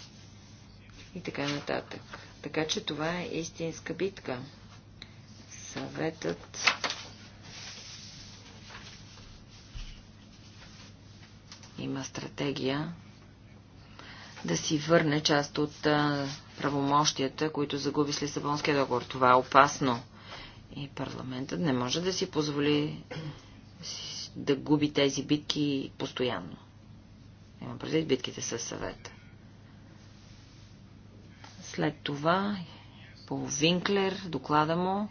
и така нататък. Така че това е истинска битка. Съветът има стратегия да си върне част от правомощията, които загуби с Лисабонския договор. Това е опасно. И парламентът не може да си позволи да губи тези битки постоянно. Има предвид битките със съвета. След това по Винклер, доклада му.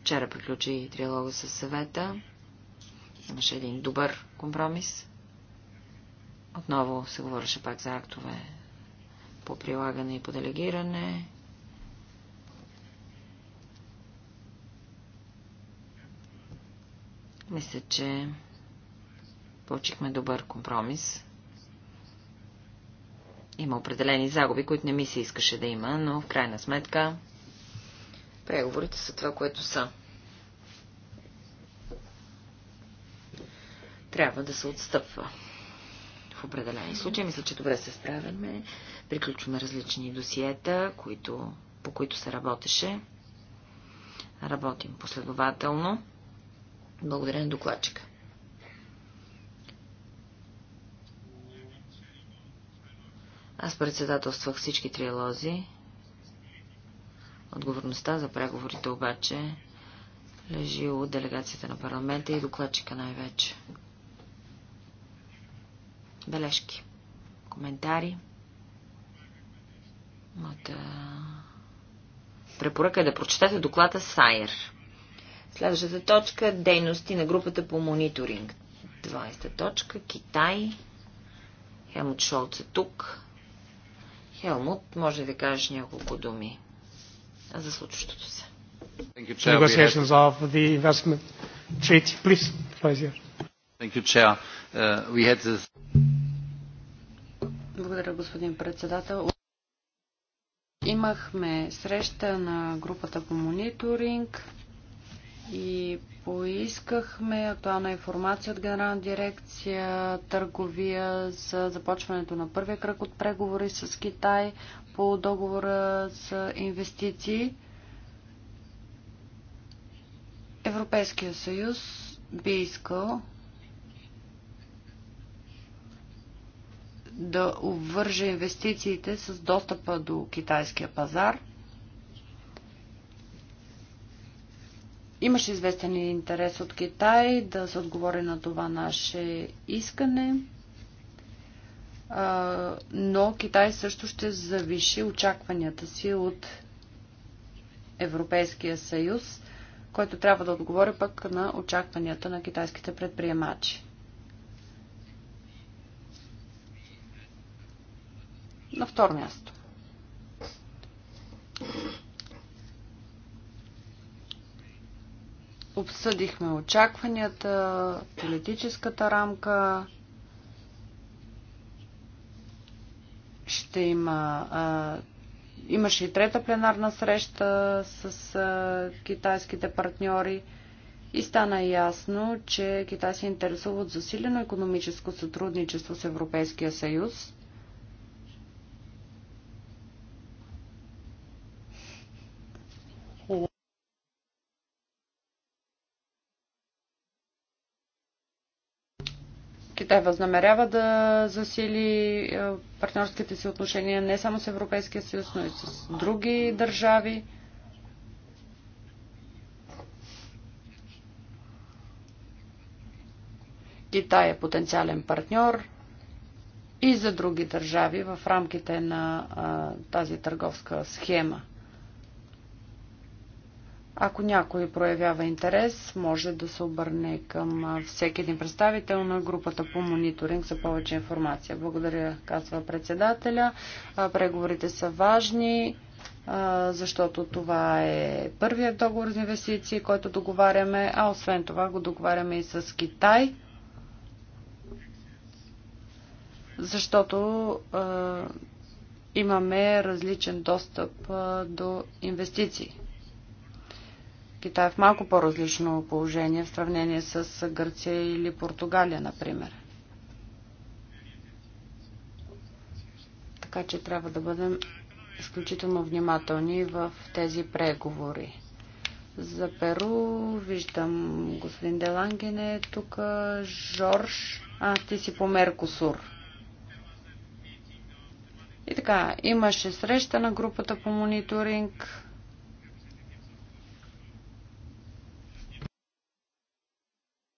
Вчера приключи триалога със съвета. Имаше един добър компромис. Отново се говореше пак за актове по прилагане и по делегиране. Мисля, че получихме добър компромис. Има определени загуби, които не ми се искаше да има, но в крайна сметка преговорите са това, което са. Трябва да се отстъпва в определени случаи. Мисля, че добре се справяме. Приключваме различни досиета, които, по които се работеше. Работим последователно. Благодаря на докладчика. Аз председателствах всички трилози. Отговорността за преговорите обаче лежи от делегацията на парламента и докладчика най-вече. Бележки. Коментари. Моята препоръка е да прочетете доклада Сайер. Следващата точка – дейности на групата по мониторинг. 20-та точка – Китай. Хелмут Шолц е тук. Хелмут, може да кажеш няколко думи за случващото се. Thank you, Chair. Uh, we had this благодаря, господин председател. Имахме среща на групата по мониторинг и поискахме актуална информация от Генерална дирекция търговия за започването на първия кръг от преговори с Китай по договора за инвестиции. Европейския съюз би искал да обвърже инвестициите с достъпа до китайския пазар. Имаше известен интерес от Китай да се отговори на това наше искане, но Китай също ще завиши очакванията си от Европейския съюз, който трябва да отговори пък на очакванията на китайските предприемачи. На второ място. Обсъдихме очакванията, политическата рамка. Ще има. А, имаше и трета пленарна среща с а, китайските партньори и стана ясно, че Китай се интересува от засилено економическо сътрудничество с Европейския съюз те възнамерява да засили е, партньорските си отношения не само с Европейския съюз, но и с други държави. Китай е потенциален партньор и за други държави в рамките на а, е, тази търговска схема. Ако някой проявява интерес, може да се обърне към всеки един представител на групата по мониторинг за повече информация. Благодаря, казва председателя. Преговорите са важни, защото това е първият договор за инвестиции, който договаряме, а освен това го договаряме и с Китай, защото имаме различен достъп до инвестиции. Китай е в малко по-различно положение в сравнение с Гърция или Португалия, например. Така че трябва да бъдем изключително внимателни в тези преговори. За Перу виждам господин Деланген е тук, Жорж. А, ти си по Меркосур. И така, имаше среща на групата по мониторинг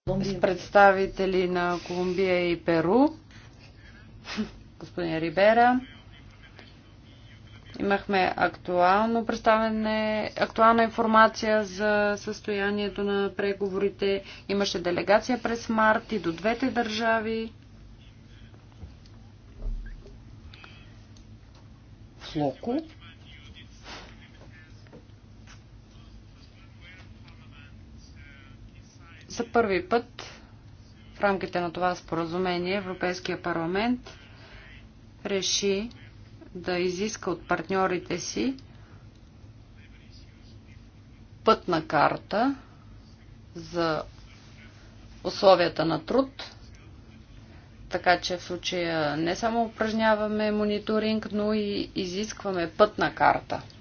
с представители на Колумбия и Перу. *laughs* Господин Рибера. Имахме актуално представене, актуална информация за състоянието на преговорите. Имаше делегация през март и до двете държави. Флоко. За първи път в рамките на това споразумение Европейския парламент реши да изиска от партньорите си пътна карта за условията на труд, така че в случая не само упражняваме мониторинг, но и изискваме пътна карта –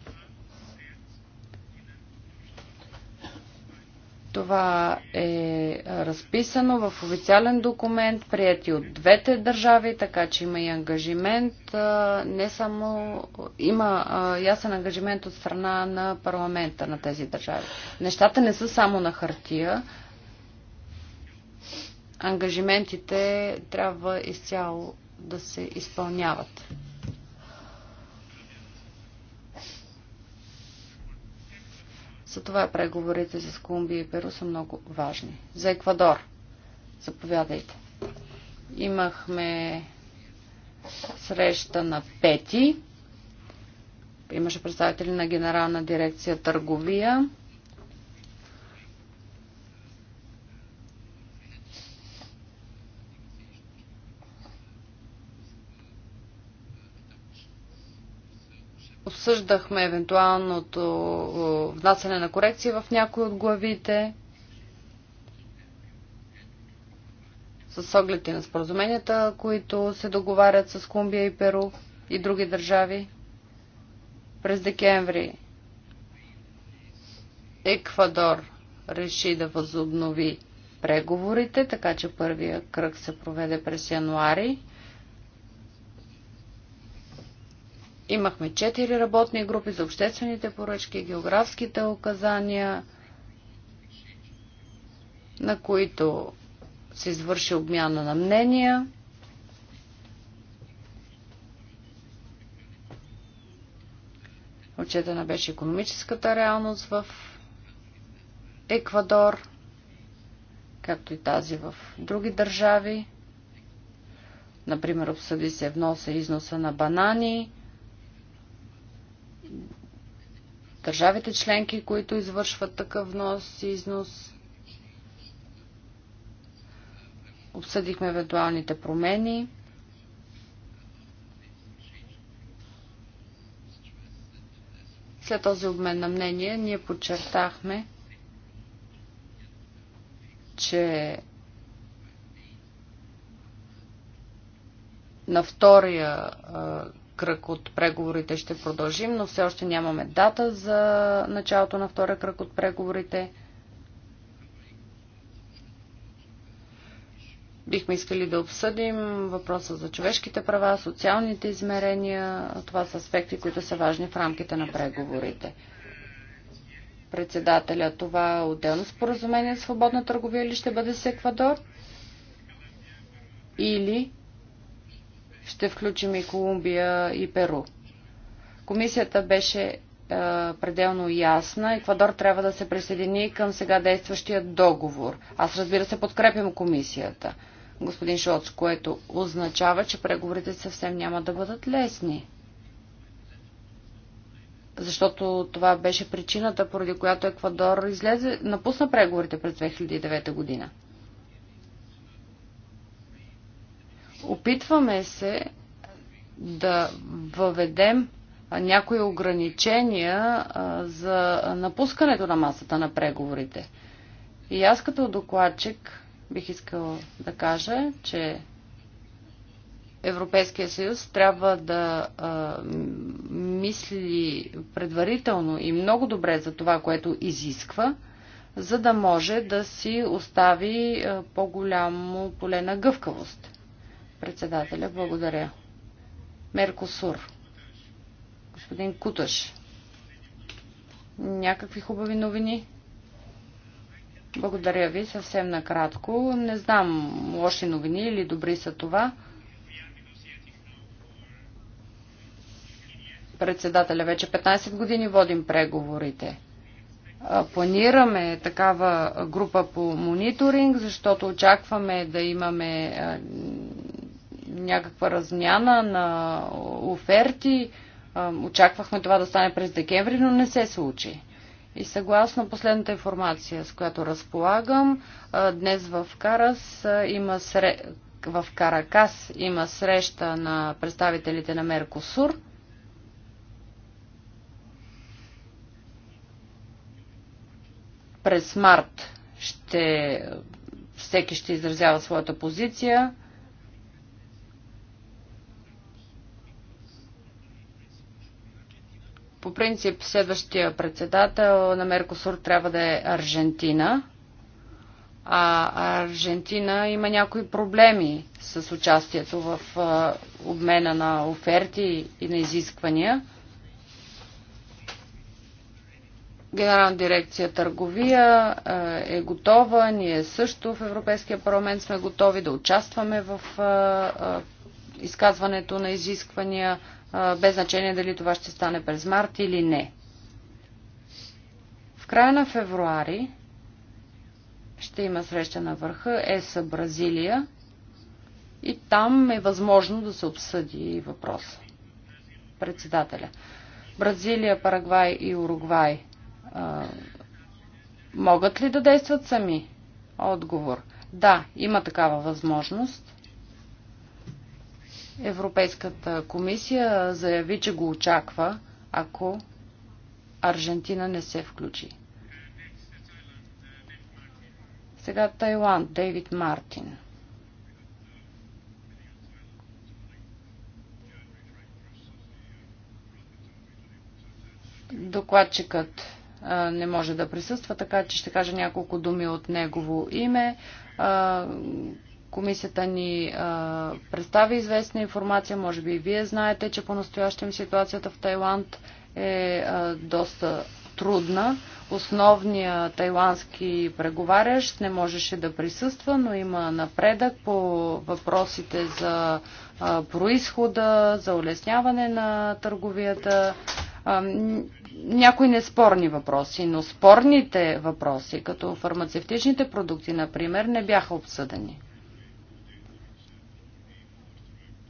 Това е, е разписано в официален документ, прияти от двете държави, така че има и ангажимент, не само има ясен ангажимент от страна на парламента на тези държави. Нещата не са само на хартия. Ангажиментите трябва изцяло да се изпълняват. Затова преговорите с Колумбия и Перу са много важни. За Еквадор. Заповядайте. Имахме среща на пети. Имаше представители на Генерална дирекция търговия. обсъждахме евентуалното внасяне на корекции в някои от главите. с оглед и на споразуменията, които се договарят с Колумбия и Перу и други държави. През декември Еквадор реши да възобнови преговорите, така че първия кръг се проведе през януари. Имахме четири работни групи за обществените поръчки, географските указания, на които се извърши обмяна на мнения. Отчетена беше економическата реалност в Еквадор, както и тази в други държави. Например, обсъди се вноса и износа на банани, държавите членки, които извършват такъв внос и износ. Обсъдихме евентуалните промени. След този обмен на мнение ние подчертахме, че на втория кръг от преговорите ще продължим, но все още нямаме дата за началото на втория кръг от преговорите. Бихме искали да обсъдим въпроса за човешките права, социалните измерения. Това са аспекти, които са важни в рамките на преговорите. Председателя, това е отделно споразумение за свободна търговия ли ще бъде с Еквадор? Или ще включим и Колумбия и Перу. Комисията беше е, пределно ясна. Еквадор трябва да се присъедини към сега действащия договор. Аз разбира се подкрепям комисията, господин Шоц, което означава, че преговорите съвсем няма да бъдат лесни. Защото това беше причината, поради която Еквадор излезе, напусна преговорите през 2009 година. Опитваме се да въведем някои ограничения за напускането на масата на преговорите. И аз като докладчик бих искал да кажа, че Европейския съюз трябва да а, мисли предварително и много добре за това, което изисква, за да може да си остави по-голямо поле на гъвкавост. Председателя, благодаря. Меркосур. Господин Куташ. Някакви хубави новини? Благодаря ви, съвсем накратко. Не знам лоши новини или добри са това. Председателя, вече 15 години водим преговорите. Планираме такава група по мониторинг, защото очакваме да имаме някаква размяна на оферти. Очаквахме това да стане през декември, но не се случи. И съгласно последната информация, с която разполагам, днес в Карас има сре... в Каракас има среща на представителите на Меркосур. През март ще всеки ще изразява своята позиция. По принцип, следващия председател на Меркосур трябва да е Аржентина. А Аржентина има някои проблеми с участието в обмена на оферти и на изисквания. Генерална дирекция търговия е готова, ние също в Европейския парламент сме готови да участваме в изказването на изисквания без значение дали това ще стане през март или не. В края на февруари ще има среща на върха ЕСА Бразилия и там е възможно да се обсъди въпрос. Председателя. Бразилия, Парагвай и Уругвай могат ли да действат сами? Отговор. Да, има такава възможност. Европейската комисия заяви, че го очаква, ако Аржентина не се включи. Сега Тайланд, Дейвид Мартин. Докладчикът не може да присъства, така че ще кажа няколко думи от негово име. Комисията ни а, представи известна информация, може би и вие знаете, че по-настоящем ситуацията в Тайланд е а, доста трудна. Основният тайландски преговарящ не можеше да присъства, но има напредък по въпросите за а, происхода, за улесняване на търговията. А, някои неспорни въпроси, но спорните въпроси, като фармацевтичните продукти, например, не бяха обсъдени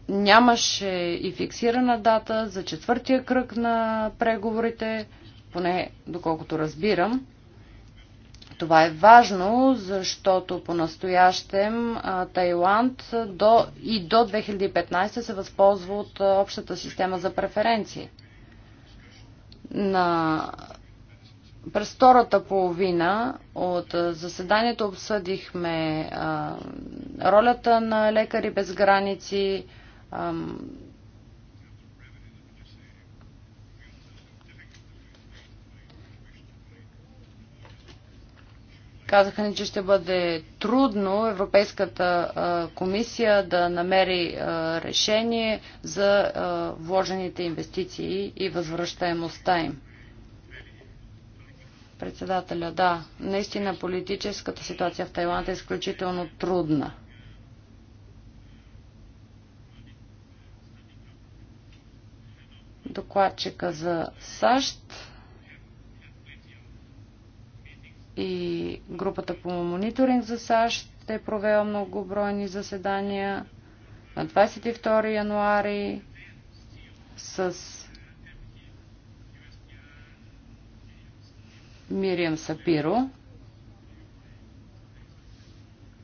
нямаше и фиксирана дата за четвъртия кръг на преговорите, поне доколкото разбирам. Това е важно, защото по-настоящем Тайланд до, и до 2015 се възползва от общата система за преференции. На през втората половина от заседанието обсъдихме а, ролята на лекари без граници, Казаха ни, че ще бъде трудно Европейската комисия да намери решение за вложените инвестиции и възвръщаемостта им. Председателя, да, наистина политическата ситуация в Тайланд е изключително трудна. докладчика за САЩ и групата по мониторинг за САЩ е провела многобройни заседания на 22 януари с Мириам Сапиро,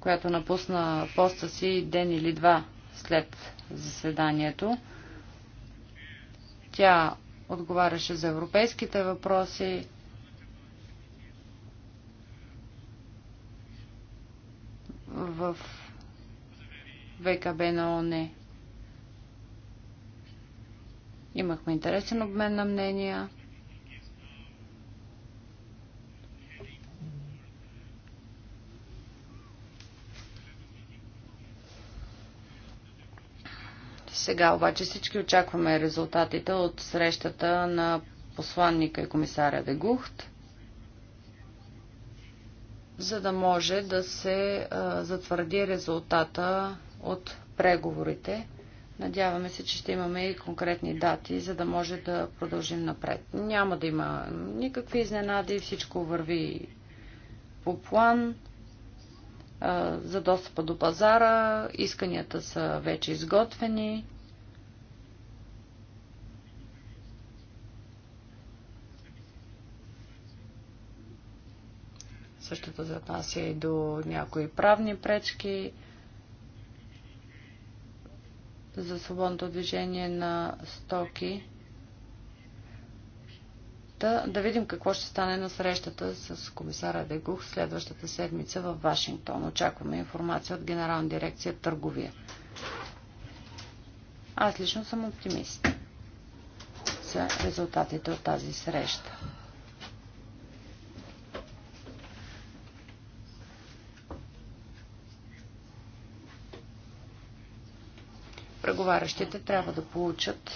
която напусна поста си ден или два след заседанието. Тя отговаряше за европейските въпроси. В ВКБ на ОНЕ. Имахме интересен обмен на мнения. Сега обаче всички очакваме резултатите от срещата на посланника и комисаря Дегухт, за да може да се затвърди резултата от преговорите. Надяваме се, че ще имаме и конкретни дати, за да може да продължим напред. Няма да има никакви изненади, всичко върви по план за достъпа до пазара. Исканията са вече изготвени. Същото се отнася и до някои правни пречки за свободното движение на стоки. Да, да видим какво ще стане на срещата с комисара Дегух следващата седмица в Вашингтон. Очакваме информация от Генерална дирекция Търговия. Аз лично съм оптимист за резултатите от тази среща. преговарящите трябва да получат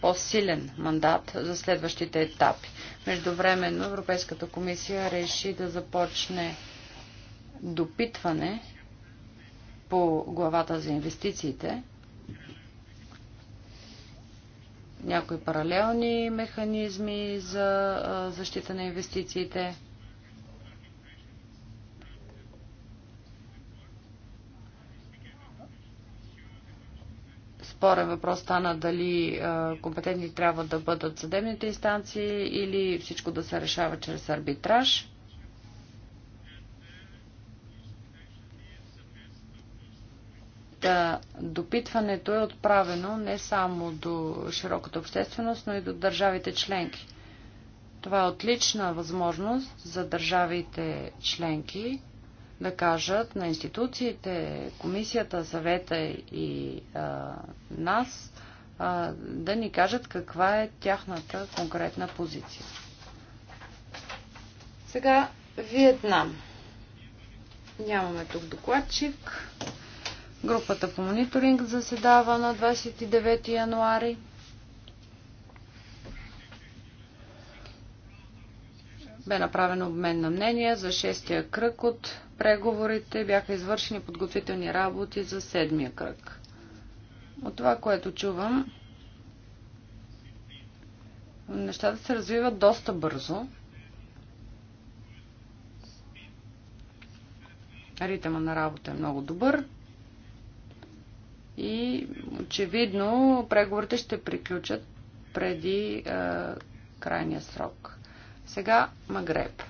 по-силен мандат за следващите етапи. Междувременно Европейската комисия реши да започне допитване по главата за инвестициите. Някои паралелни механизми за защита на инвестициите – спорен въпрос стана дали компетентни трябва да бъдат съдебните инстанции или всичко да се решава чрез арбитраж. Да, допитването е отправено не само до широката общественост, но и до държавите членки. Това е отлична възможност за държавите членки да кажат на институциите, комисията, съвета и а, нас а, да ни кажат каква е тяхната конкретна позиция. Сега Виетнам. Нямаме тук докладчик. Групата по мониторинг заседава на 29 януари. Бе направен обмен на мнения за шестия кръг от преговорите бяха извършени подготвителни работи за седмия кръг. От това, което чувам, нещата се развиват доста бързо. Ритъма на работа е много добър. И очевидно преговорите ще приключат преди е, крайния срок. Сега Магреб.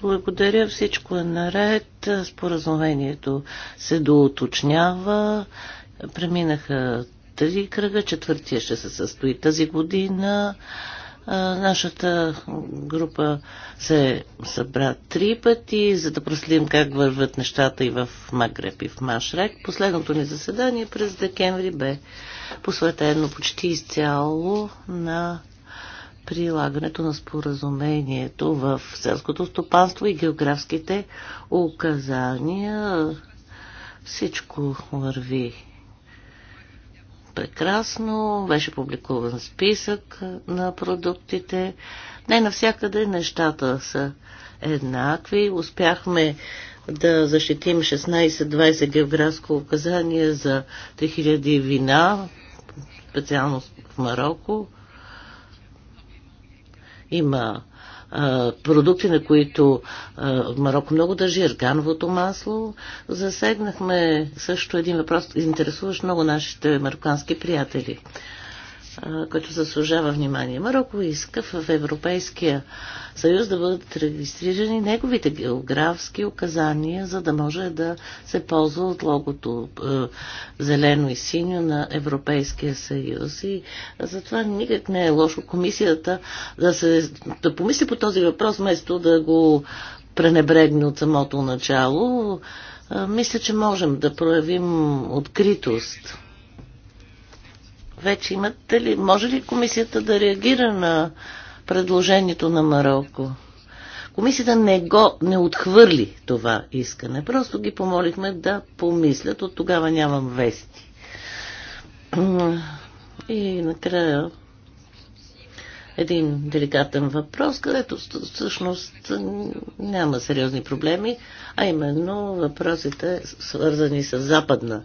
Благодаря, всичко е наред. Споразумението се доуточнява. Преминаха три кръга, четвъртия ще се състои тази година. Нашата група се събра три пъти, за да проследим как върват нещата и в Магреб и в Машрек. Последното ни заседание през декември бе посветено почти изцяло на прилагането на споразумението в селското стопанство и географските указания. Всичко върви прекрасно, беше публикуван списък на продуктите. Не навсякъде нещата са еднакви. Успяхме да защитим 16-20 географско указание за 3000 вина, специално в Марокко. Има а, продукти, на които а, Марокко много държи, аргановото масло. Засегнахме също един въпрос, интересуващ много нашите марокански приятели който заслужава внимание. Марокко иска в Европейския съюз да бъдат регистрирани неговите географски указания, за да може да се ползва от логото е, зелено и синьо на Европейския съюз. И затова никак не е лошо комисията да, се, да помисли по този въпрос, вместо да го пренебрегне от самото начало. мисля, че можем да проявим откритост вече имате ли, може ли комисията да реагира на предложението на Марокко? Комисията не го не отхвърли това искане. Просто ги помолихме да помислят. От тогава нямам вести. И накрая един деликатен въпрос, където всъщност няма сериозни проблеми, а именно въпросите свързани с Западна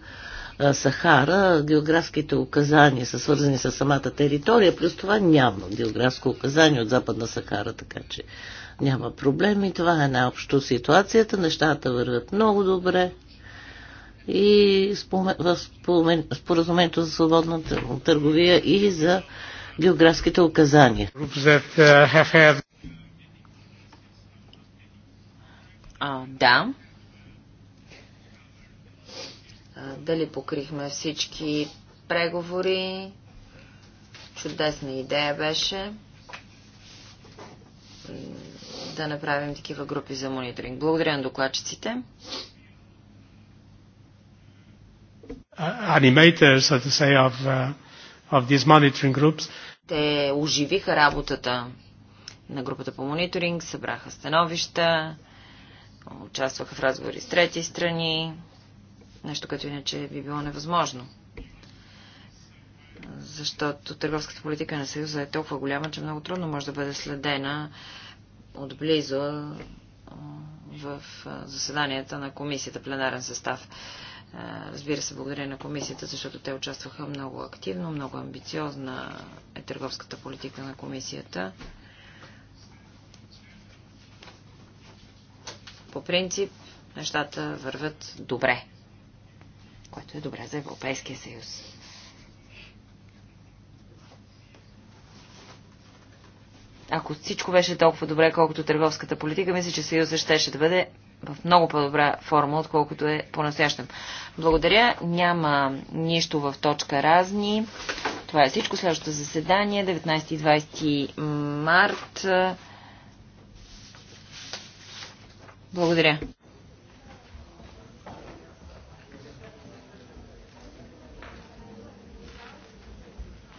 Сахара, географските указания са свързани с самата територия, плюс това няма географско указание от Западна Сахара, така че няма проблеми. Това е най-общо ситуацията. Нещата вървят много добре. И споразумението за свободна търговия и за географските указания. Uh, а, да, дали покрихме всички преговори. Чудесна идея беше да направим такива групи за мониторинг. Благодаря на докладчиците. Animators, so to say, of, uh, of these monitoring groups. Те оживиха работата на групата по мониторинг, събраха становища, участваха в разговори с трети страни. Нещо, като иначе би било невъзможно. Защото търговската политика на Съюза е толкова голяма, че много трудно може да бъде следена отблизо в заседанията на комисията, пленарен състав. Разбира се, благодаря на комисията, защото те участваха много активно, много амбициозна е търговската политика на комисията. По принцип, нещата върват добре което е добре за Европейския съюз. Ако всичко беше толкова добре, колкото търговската политика, мисля, че съюзът щеше да бъде в много по-добра форма, отколкото е по-настоящем. Благодаря. Няма нищо в точка разни. Това е всичко. Следващото заседание 19 и 20 март. Благодаря.